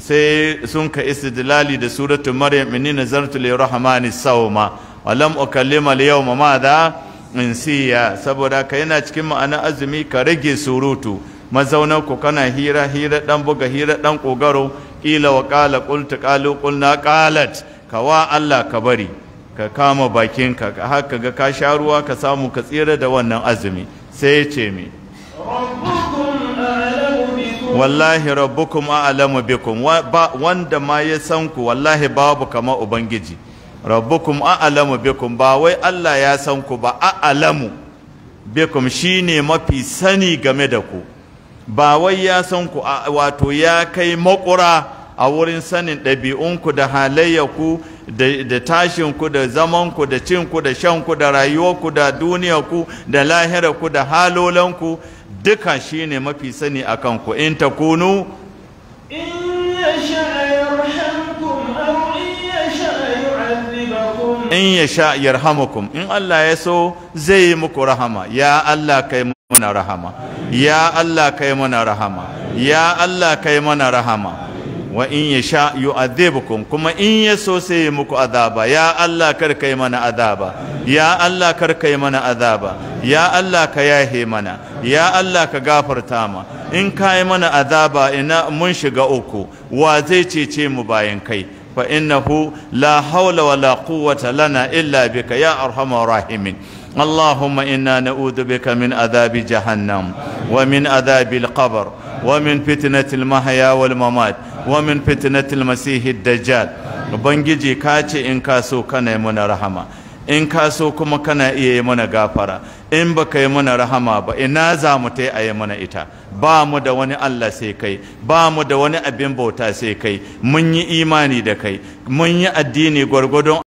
S2: sai sun ka istidlali da suratul maryam inni nazartu lirahmani sawma walam ukallima al-yawma madha insiya saboda ka yana cikin ma'ana azumi ka rage surutu mazaunan ku kana hira hira dan buga hira dan kogaro kila wa qala qultu qalu qulna qalat wa Allah ka bari ka kama bakinka ka haka ga ka sha ruwa ka samu ka tsira da wannan azumi sai ya ce me wallahi rabbukum a'lamu bikum wanda ma ya san ku wallahi babu kama ubangiji rabbukum a'lamu bikum ba wai Allah ya san ku ba a'lamu bikum shine mafi sani game da ku ba wai ya san ku wato ya kai makura a wurin sanin ɗabi'unku da halayyarku da tashinku da zamanku da cinku da shanku da rayuwarku da duniyarku da lahirarku da halolanku duka shine mafi sani akan ku in takunu in in ya sha yarhamukum in Allah ya so zai yi muku rahama ya Allah kai muna rahama ya Allah kai muna rahama ya Allah kai muna rahama wa in ya yasha yu'adhibukum kuma in ya so sai yi muku azaba ya Allah kar kai mana azaba ya Allah kar kai mana azaba ya Allah ka yahe mana ya Allah ka gafarta ma in kai mana azaba ina mun shiga uku wa zai cece mu bayan kai fa innahu la haula wa la quwwata lana illa bika ya arhamar rahimin اللهم إنا نعوذ min من عذاب جهنم ومن عذاب القبر ومن فتنة المحيا والممات ومن فتنة المسيح الدجال ubangiji ka ce in ka so kana mana rahama in ka kuma kana iya yi mana gafara in baka yi mana rahama ba ina za mu ta yi mana ita ba mu da wani Allah sai kai ba mu da wani abin bauta sai kai mun yi imani da kai mun yi addini gwargwadon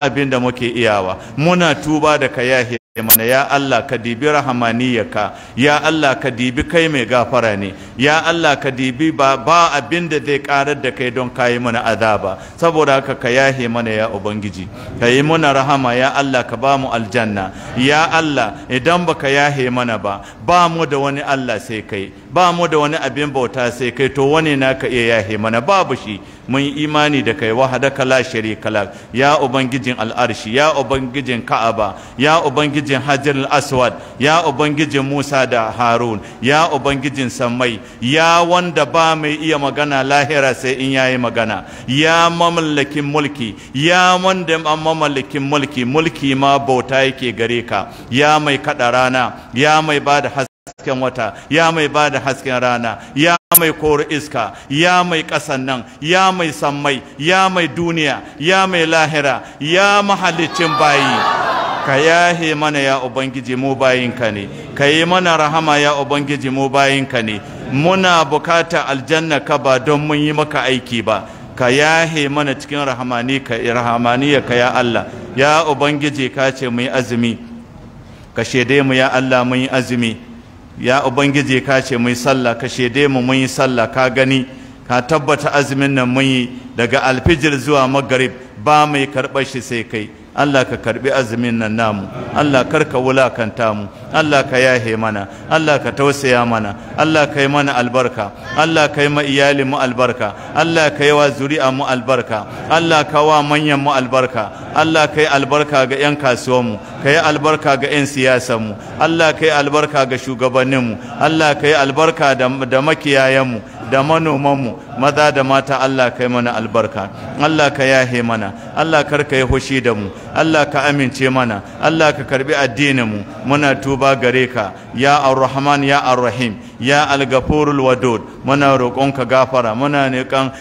S2: abin da muke iyawa muna tuba da kayahi mana ya Allah ka dibi rahamaniyaka ya Allah ka dibi kai mai gafara ne ya Allah ka dibi ba ba abin da zai karar da kai don kayi mana azaba saboda haka ka yahe mana ya ubangiji ka yi mana rahama ya Allah ka ba mu aljanna ya Allah idan baka yahe mana ba ba mu da wani Allah sai kai ba mu da wani abin bauta sai kai to wani na ka iya yahe mana babu shi mun imani da kai wahadaka kala sharika lak ya ubangijin al'arshi ya ubangijin ka'aba ya ubangijin hajar aswad ya ubangijin musa da harun ya ubangijin sammai ya wanda ba mai iya magana lahira sai in yayi magana ya mamallakin mulki ya wanda mamallakin mulki mulki ma bauta yake gare ka ya mai kada rana ya mai bada hasken wata ya mai ba da hasken rana ya mai kori iska ya mai ƙasan nan ya mai sammai ya mai duniya ya mai lahira ya mahalicin bayi ka yahe mana ya ubangiji mu bayinka ne ka yi mana rahama ya ubangiji mu bayinka ne muna bukata aljanna ka ba don mun yi maka aiki ba ka yahe mana cikin rahamani ka rahamaniya ka ya Allah ya ubangiji ka ce mu yi azumi ka mu ya Allah mun yi azumi ya ubangiji ka ce mai sallah ka shaide mu mun yi sallah ka gani ka tabbata azumin nan mun yi daga alfijir zuwa magarib ba mai karɓar shi sai kai Allah ka karbi azumin nan namu Allah ka wulakanta mu Allah ka yahe mana Allah ka tausaya mana Allah ka yi mana albarka Allah ka yi ma iyali mu albarka Allah ka yi wa zuri'a mu albarka Allah ka wa manyan mu albarka Allah ka yi albarka ga 'yan mu. ka yi albarka ga 'yan mu. Allah ka yi albarka ga shugabannin mu. Allah ka yi albarka da makiyayan mu. da manomanmu maza da mata Allah kai mana albarka Allah ka yahe mana Allah kar ka yi hushi da mu Allah ka amince mana Allah ka karbi addininmu muna tuba gare ka ya arrahman ya arrahim ya algafurul wadud muna roƙonka gafara muna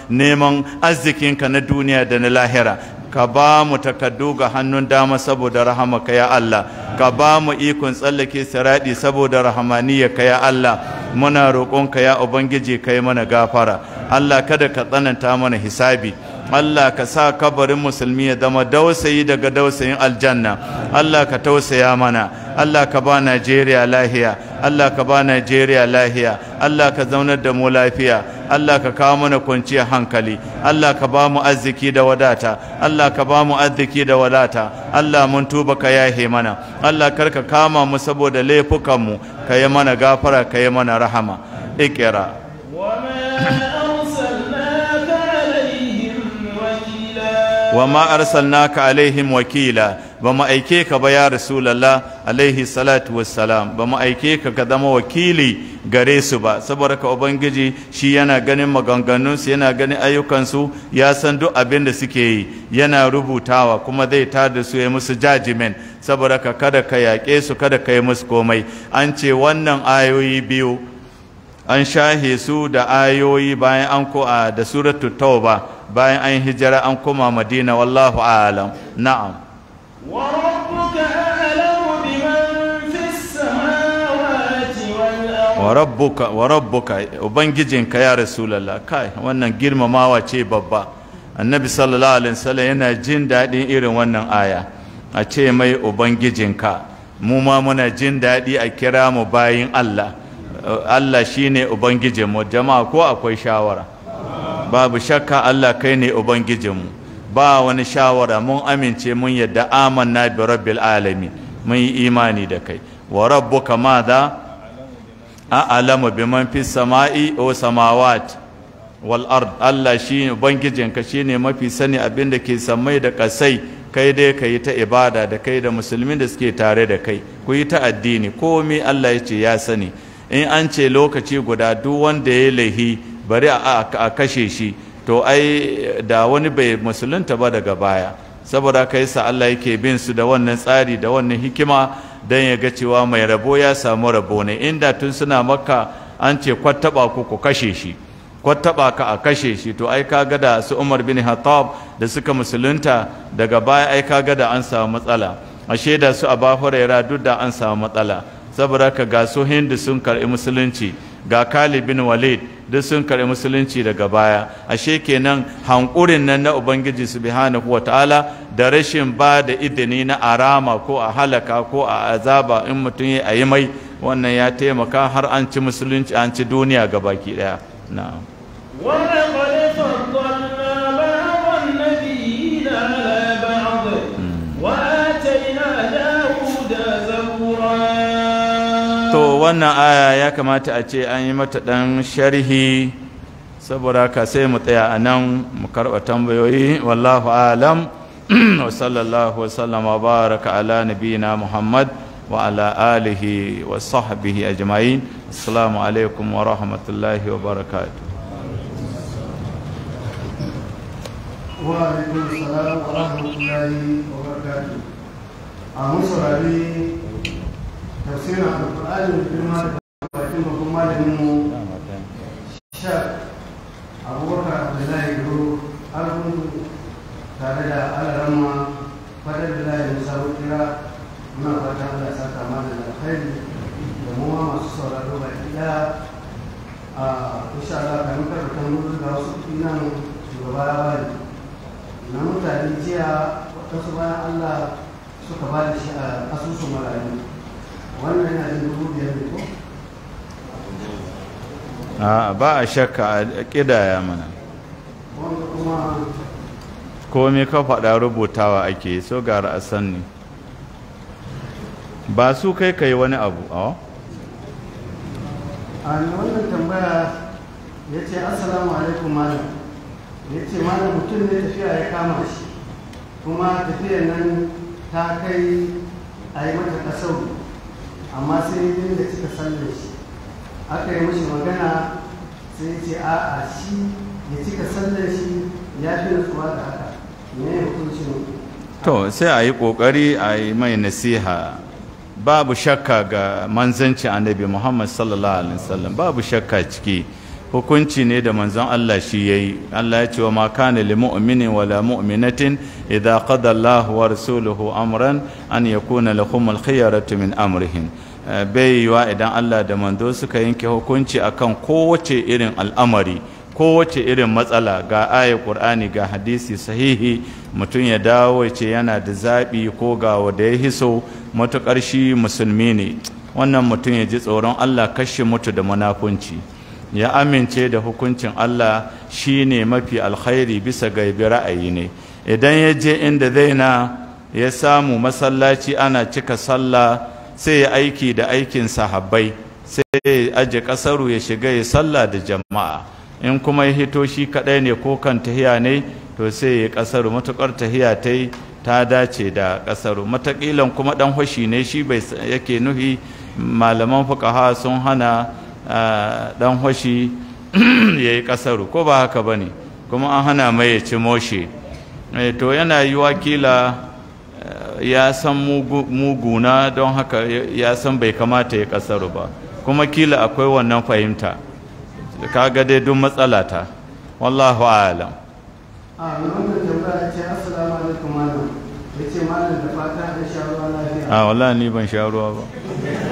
S2: neman arzikinka na duniya da na lahira ka ba mu takaddu ga hannun dama saboda rahamaka ya Allah ka ba mu ikon tsallake siradi saboda rahamaniyarka ya Allah muna roƙonka ya ubangiji kai mana gafara Allah kada ka tsananta mana hisabi Allah ka sa kabarin musulmi ya zama dausayi daga dausayin aljanna Allah ka tausaya mana Allah ka ba Najeriya lahiya Allah ka ba Najeriya lahiya Allah ka zaunar da mu lafiya Allah ka kawo mana kwanciyar hankali Allah ka ba mu arziki da wadata Allah ka ba mu arziki da wadata Allah mun tuba ka yahe mana Allah kar ka kama mu saboda laifukanmu ka yi mana gafara ka yi mana rahama ikira wa ma arsalnaka alaihim wakila ba aike ka ba ya rasulullah alaihi salatu wassalam ba aike ka ka zama wakili gare su ba saboda ka ubangiji shi yana ganin maganganun su yana ganin ayyukan su ya san duk abin da suke yi yana rubutawa kuma zai tada su ya musu judgment saboda ka kada ka yaƙe su kada ka yi musu komai an ce wannan ayoyi biyu an shahe su da ayoyi bayan an ko a da suratul tauba bayan an hijira an koma madina wallahu alam na'am wa rabbuka ubangijinka ya rasulallah kai wannan girmamawa ce babba annabi sallallahu alaihi wasallam yana jin daɗin irin wannan aya a ce mai ubangijinka mu ma muna jin daɗi a kira mu bayin Allah Allah shine ubangijinmu jama'a ko akwai shawara babu shakka Allah kai ne ubangijinmu ba wani shawara mun amince mun yadda amanna bi rabbil alami mun yi imani da kai wa rabbuka a a'lamu man fi sama'i o samawat wal Allah shi ubangijinka ne mafi sani abin da ke samai da kasai kai dai ka yi ta ibada da kai da musulmin da suke tare da kai ku yi ta addini komai Allah ya ce ya sani in an ce lokaci guda duk wanda ya lahi bari a kashe shi to ai da wani bai musulunta ba daga baya saboda haka yasa Allah yake bin su da wannan tsari da wannan hikima dan ya ga cewa mai rabo ya samu rabo ne inda tun suna maka an ce kwattaba ku ku kashe shi kwattaba ka a kashe shi to ai kaga da su Umar bin Hattab da suka musulunta daga baya ai kaga da an samu matsala ashe da su Abu Hurairah duk da an samu matsala saboda ka ga su Hindu sun karɓi musulunci ga kalibin bin Walid duk sun karɓi musulunci daga baya ashe kenan hankurin nan na ubangiji subhanahu ta'ala da rashin ba da idini na arama ko a halaka ko a azaba in mutum ya yi mai wannan ya taimaka har an ci musulunci an ci duniya gabaki daya na'am wannan aya ya kamata a ce an yi mata ɗan sharhi saboda ka sai mu tsaya a nan mu karɓa tambayoyi wallahu alam wa sallallahu wa sallama baraka ala nabiyina muhammad wa ala alihi wa sahbihi ajma'in assalamu alaikum wa rahmatullahi wa barakatuh وعليكم السلام ورحمة
S3: الله وبركاته. أمس tafsirin alƙur'ani da da bakin babban malamin mu sha abubakar abdullahi tare da alarama fadar da layin sabon kira muna fata Allah da da mu ma masu saurari baki ɗaya a wasu na mutane jiya wasu bayan Allah suka ba da shi a asusun marayu wannan yana da
S2: ko ba a shakka a ƙidaya mana komai ka faɗa rubutawa ake so gara a sanni ba su kai ka yi wani abu a
S3: a wannan tambaya ya ce assalamu alaikum malam ya ce malam mutum ne tafiya ya kama shi kuma tafiya nan ta kai a yi mata kasau amma sai ya da cika sallar shi aka yi mashi magana sai ya ce a shi ya cika sallar shi ya fi nutsuwa da haka me ya hukuncin
S2: to sai a yi ƙoƙari a yi mai nasiha babu shakka ga manzanci annabi muhammad sallallahu alaihi wasallam babu shakka ciki hukunci ne da manzon Allah shi ya yi Allah ya ce wa ma kana wala mu'minatin idan qada Allah wa rasuluhu amran an yakuna lahum al khiyaratu min amrihim eh, bai yiwa idan Allah da manzo suka yanke hukunci akan kowace irin al'amari kowace irin matsala ga aya qur'ani ga hadisi sahihi mutum ya dawo ce yana da zaɓi ko ga wanda ya hiso matuƙar shi musulmi ne wannan mutum ya ji tsoron Allah kashe mutu da munafunci ya amince da hukuncin Allah shi ne mafi alkhairi bisa gaibi ra'ayi ne idan ya je inda zai na ya samu masallaci ana cika sallah sai ya aiki da aikin sahabbai sai ya aje kasaru ya shiga ya sallah da jama'a in kuma ya hito shi kadai ne ko kan tahiya ne to sai ya kasaru matukar tahiya ta yi ta dace da kasaru matakilan kuma dan hoshi ne shi bai yake nuhi malaman fuqaha sun hana dan hoshi ya yi ƙasaru ko ba haka ba ne kuma an hana mai ya ci moshe eh, to yana yi wakila eh, ya san muguna don haka ya san bai kamata ya ƙasaru ba kuma kila akwai wannan fahimta ga dai duk matsala ta wallahu alam
S3: a wannan tambaya ce assalamu alaikum ya ce malam da fata da sha lafiya a
S2: wallahi ni ban sha ruwa ba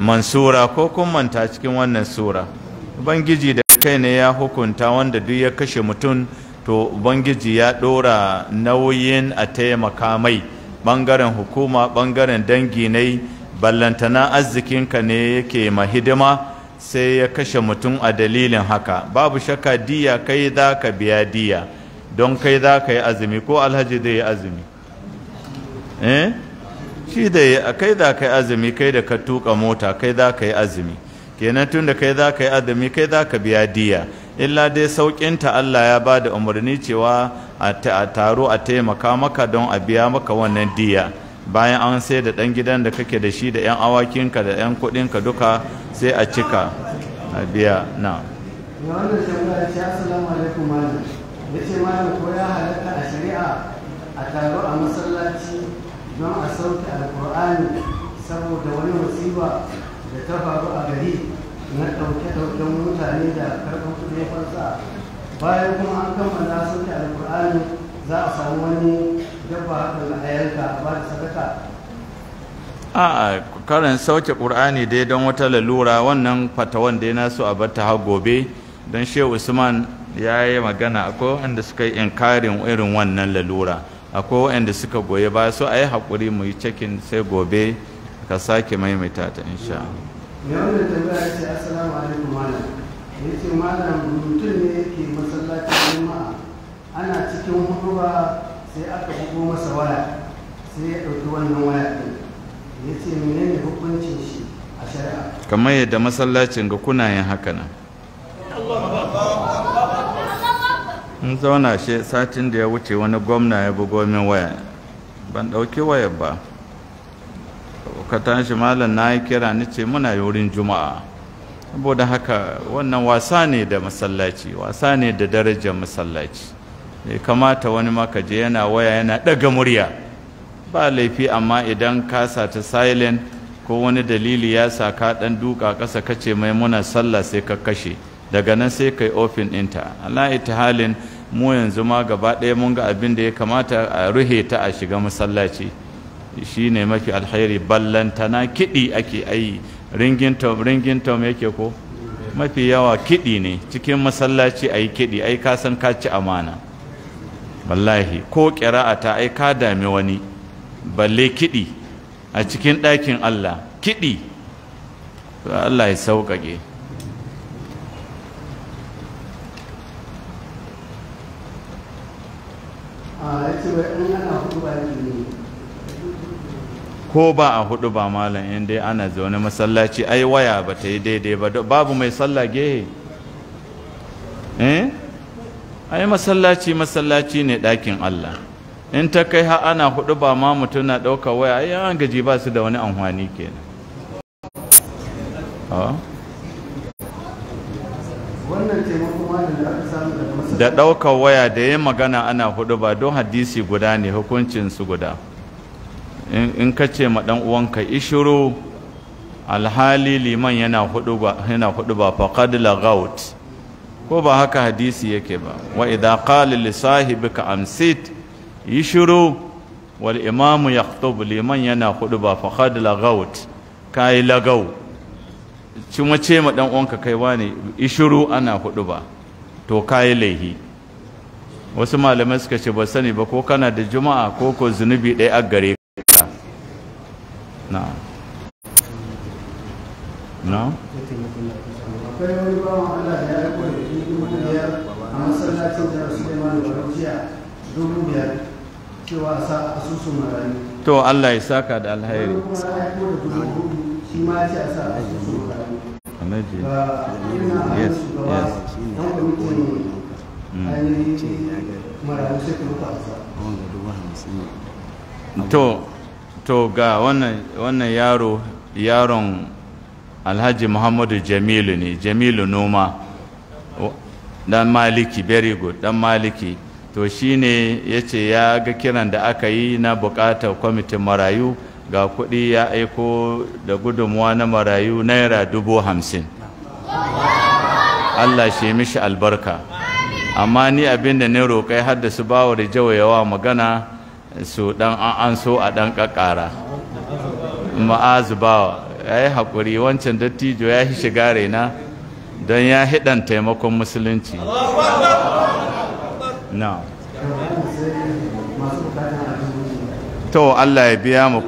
S2: mansura ko kun manta cikin wannan sura bangiji da kai ne ya hukunta wanda duk ya kashe mutum to bangiji ya ɗora nauyin a taimaka mai bangaren hukuma bangaren dangi ne ballantana arzikinka ne yake ma hidima sai ya kashe mutum a dalilin haka babu shakka diya kai za ka biya diya don kai za ka yi azumi ko alhaji zai yi azumi eh shi da kai za ka yi azumi kai da ka tuka mota kai za ka yi azumi kenan tun da kai za ka yi azumi kai za ka biya diya illa dai saukin ta Allah ya ba da umarni cewa a taro a taimaka maka don a biya maka wannan diya bayan an sai da ɗan gidan da kake da shi da 'yan awakinka da 'yan kuɗinka duka sai a cika a biya na
S3: ya ce ko ya halatta a shari'a a taro a masallaci don a sauke alkur'ani saboda wani musiba da ta faru a gari na ɗauke-ɗauken mutane da karɓar kuɗin farsa bayan kuma an kammala sauke alkur'ani za a samu wani dabba hakan na yanka a ba da sadaka
S2: a karin sauke ƙur'ani dai don wata lalura wannan fatawan dai nasu a bata har gobe don shehu usman ya yi magana akwai wanda suka yi inkarin irin wannan lalura akwai waɗanda suka goyi baya so a yi haƙuri mu yi cikin sai gobe ka sake maimaita ta insha Allah.
S3: tambaya ce assalamu alaikum malam. Ya ce malam mutum ne ke masallacin juma'a ana cikin hutuba sai aka bugo masa waya sai ya ɗauki wannan waya ɗin. Ya ce menene hukuncin shi a shari'a.
S2: Kamar yadda masallacin ga kuna yin haka nan. in zauna shi satin da ya wuce wani gwamna ya bugo min waya ban ɗauki waya ba ka tashi malam na yi kira ni ce muna yi wurin juma'a saboda haka wannan wasa ne da masallaci wasa ne da darajar masallaci ya kamata wani maka yana waya yana ɗaga murya ba laifi amma idan ka sata silent ko wani dalili ya sa ka ɗan duka ƙasa kace mai muna sallah sai ka kashe daga nan sai kai ofin ɗinta ala halin mu yanzu ma gaba ɗaya mun ga abin da ya kamata a ruhe ta a shiga masallaci shi ne mafi alkhairi ballantana kiɗi ake ayi ringin tom yake ko mafi yawa kiɗi ne cikin masallaci ayi kiɗi ai ka san ka ci amana wallahi ko ta ai ka dami wani balle kiɗi a cikin ɗakin Allah kiɗi Allah ya sauƙaƙe ko ba a hudu ba malam in dai ana zaune masallaci ai waya ba ta yi daidai ba babu mai sallage? eh ai masallaci masallaci ne ɗakin Allah in ta kai ha ana hudu ba ma mutum na ɗauka waya ai an gaji ba su da wani amfani kenan ah. da ɗaukar waya da yin magana ana hudu ba don hadisi guda ne hukuncinsu guda in ka ce ma ɗan uwanka ishiru alhali liman yana hudu ba ba faqad lagaut ko ba haka hadisi yake ba wa idha qala li sahibika amsit ishiru wal imamu yakhutub liman yana hudu ba faqad lagaut kai lagau ci mace ma dan uwanka kai wane ishuru ana hudu ba to kayi laihi wasu malamai suka ce ba sani ba ko kana da juma'a ko ko zunubi ɗaya a gare ka na na Allah ya to Allah ya saka da alheri shi to ga wannan yaro yaron alhaji muhammadu jamilu ne jamilu noma dan maliki very good dan maliki to shine ya ce ya ga kiran da aka yi na bukatar kwamitin marayu ga kuɗi ya aiko da gudunmuwa na marayu naira dubu hamsin Allah shi mishi albarka amma ni abin da ni roƙai har da su bawa da jawayawa magana su ɗan an so a ɗan ƙaƙara ma'azu bawa ya yi haƙuri wancan dattijo ya shiga raina don ya hiɗan taimakon musulunci to Allah ya biya mu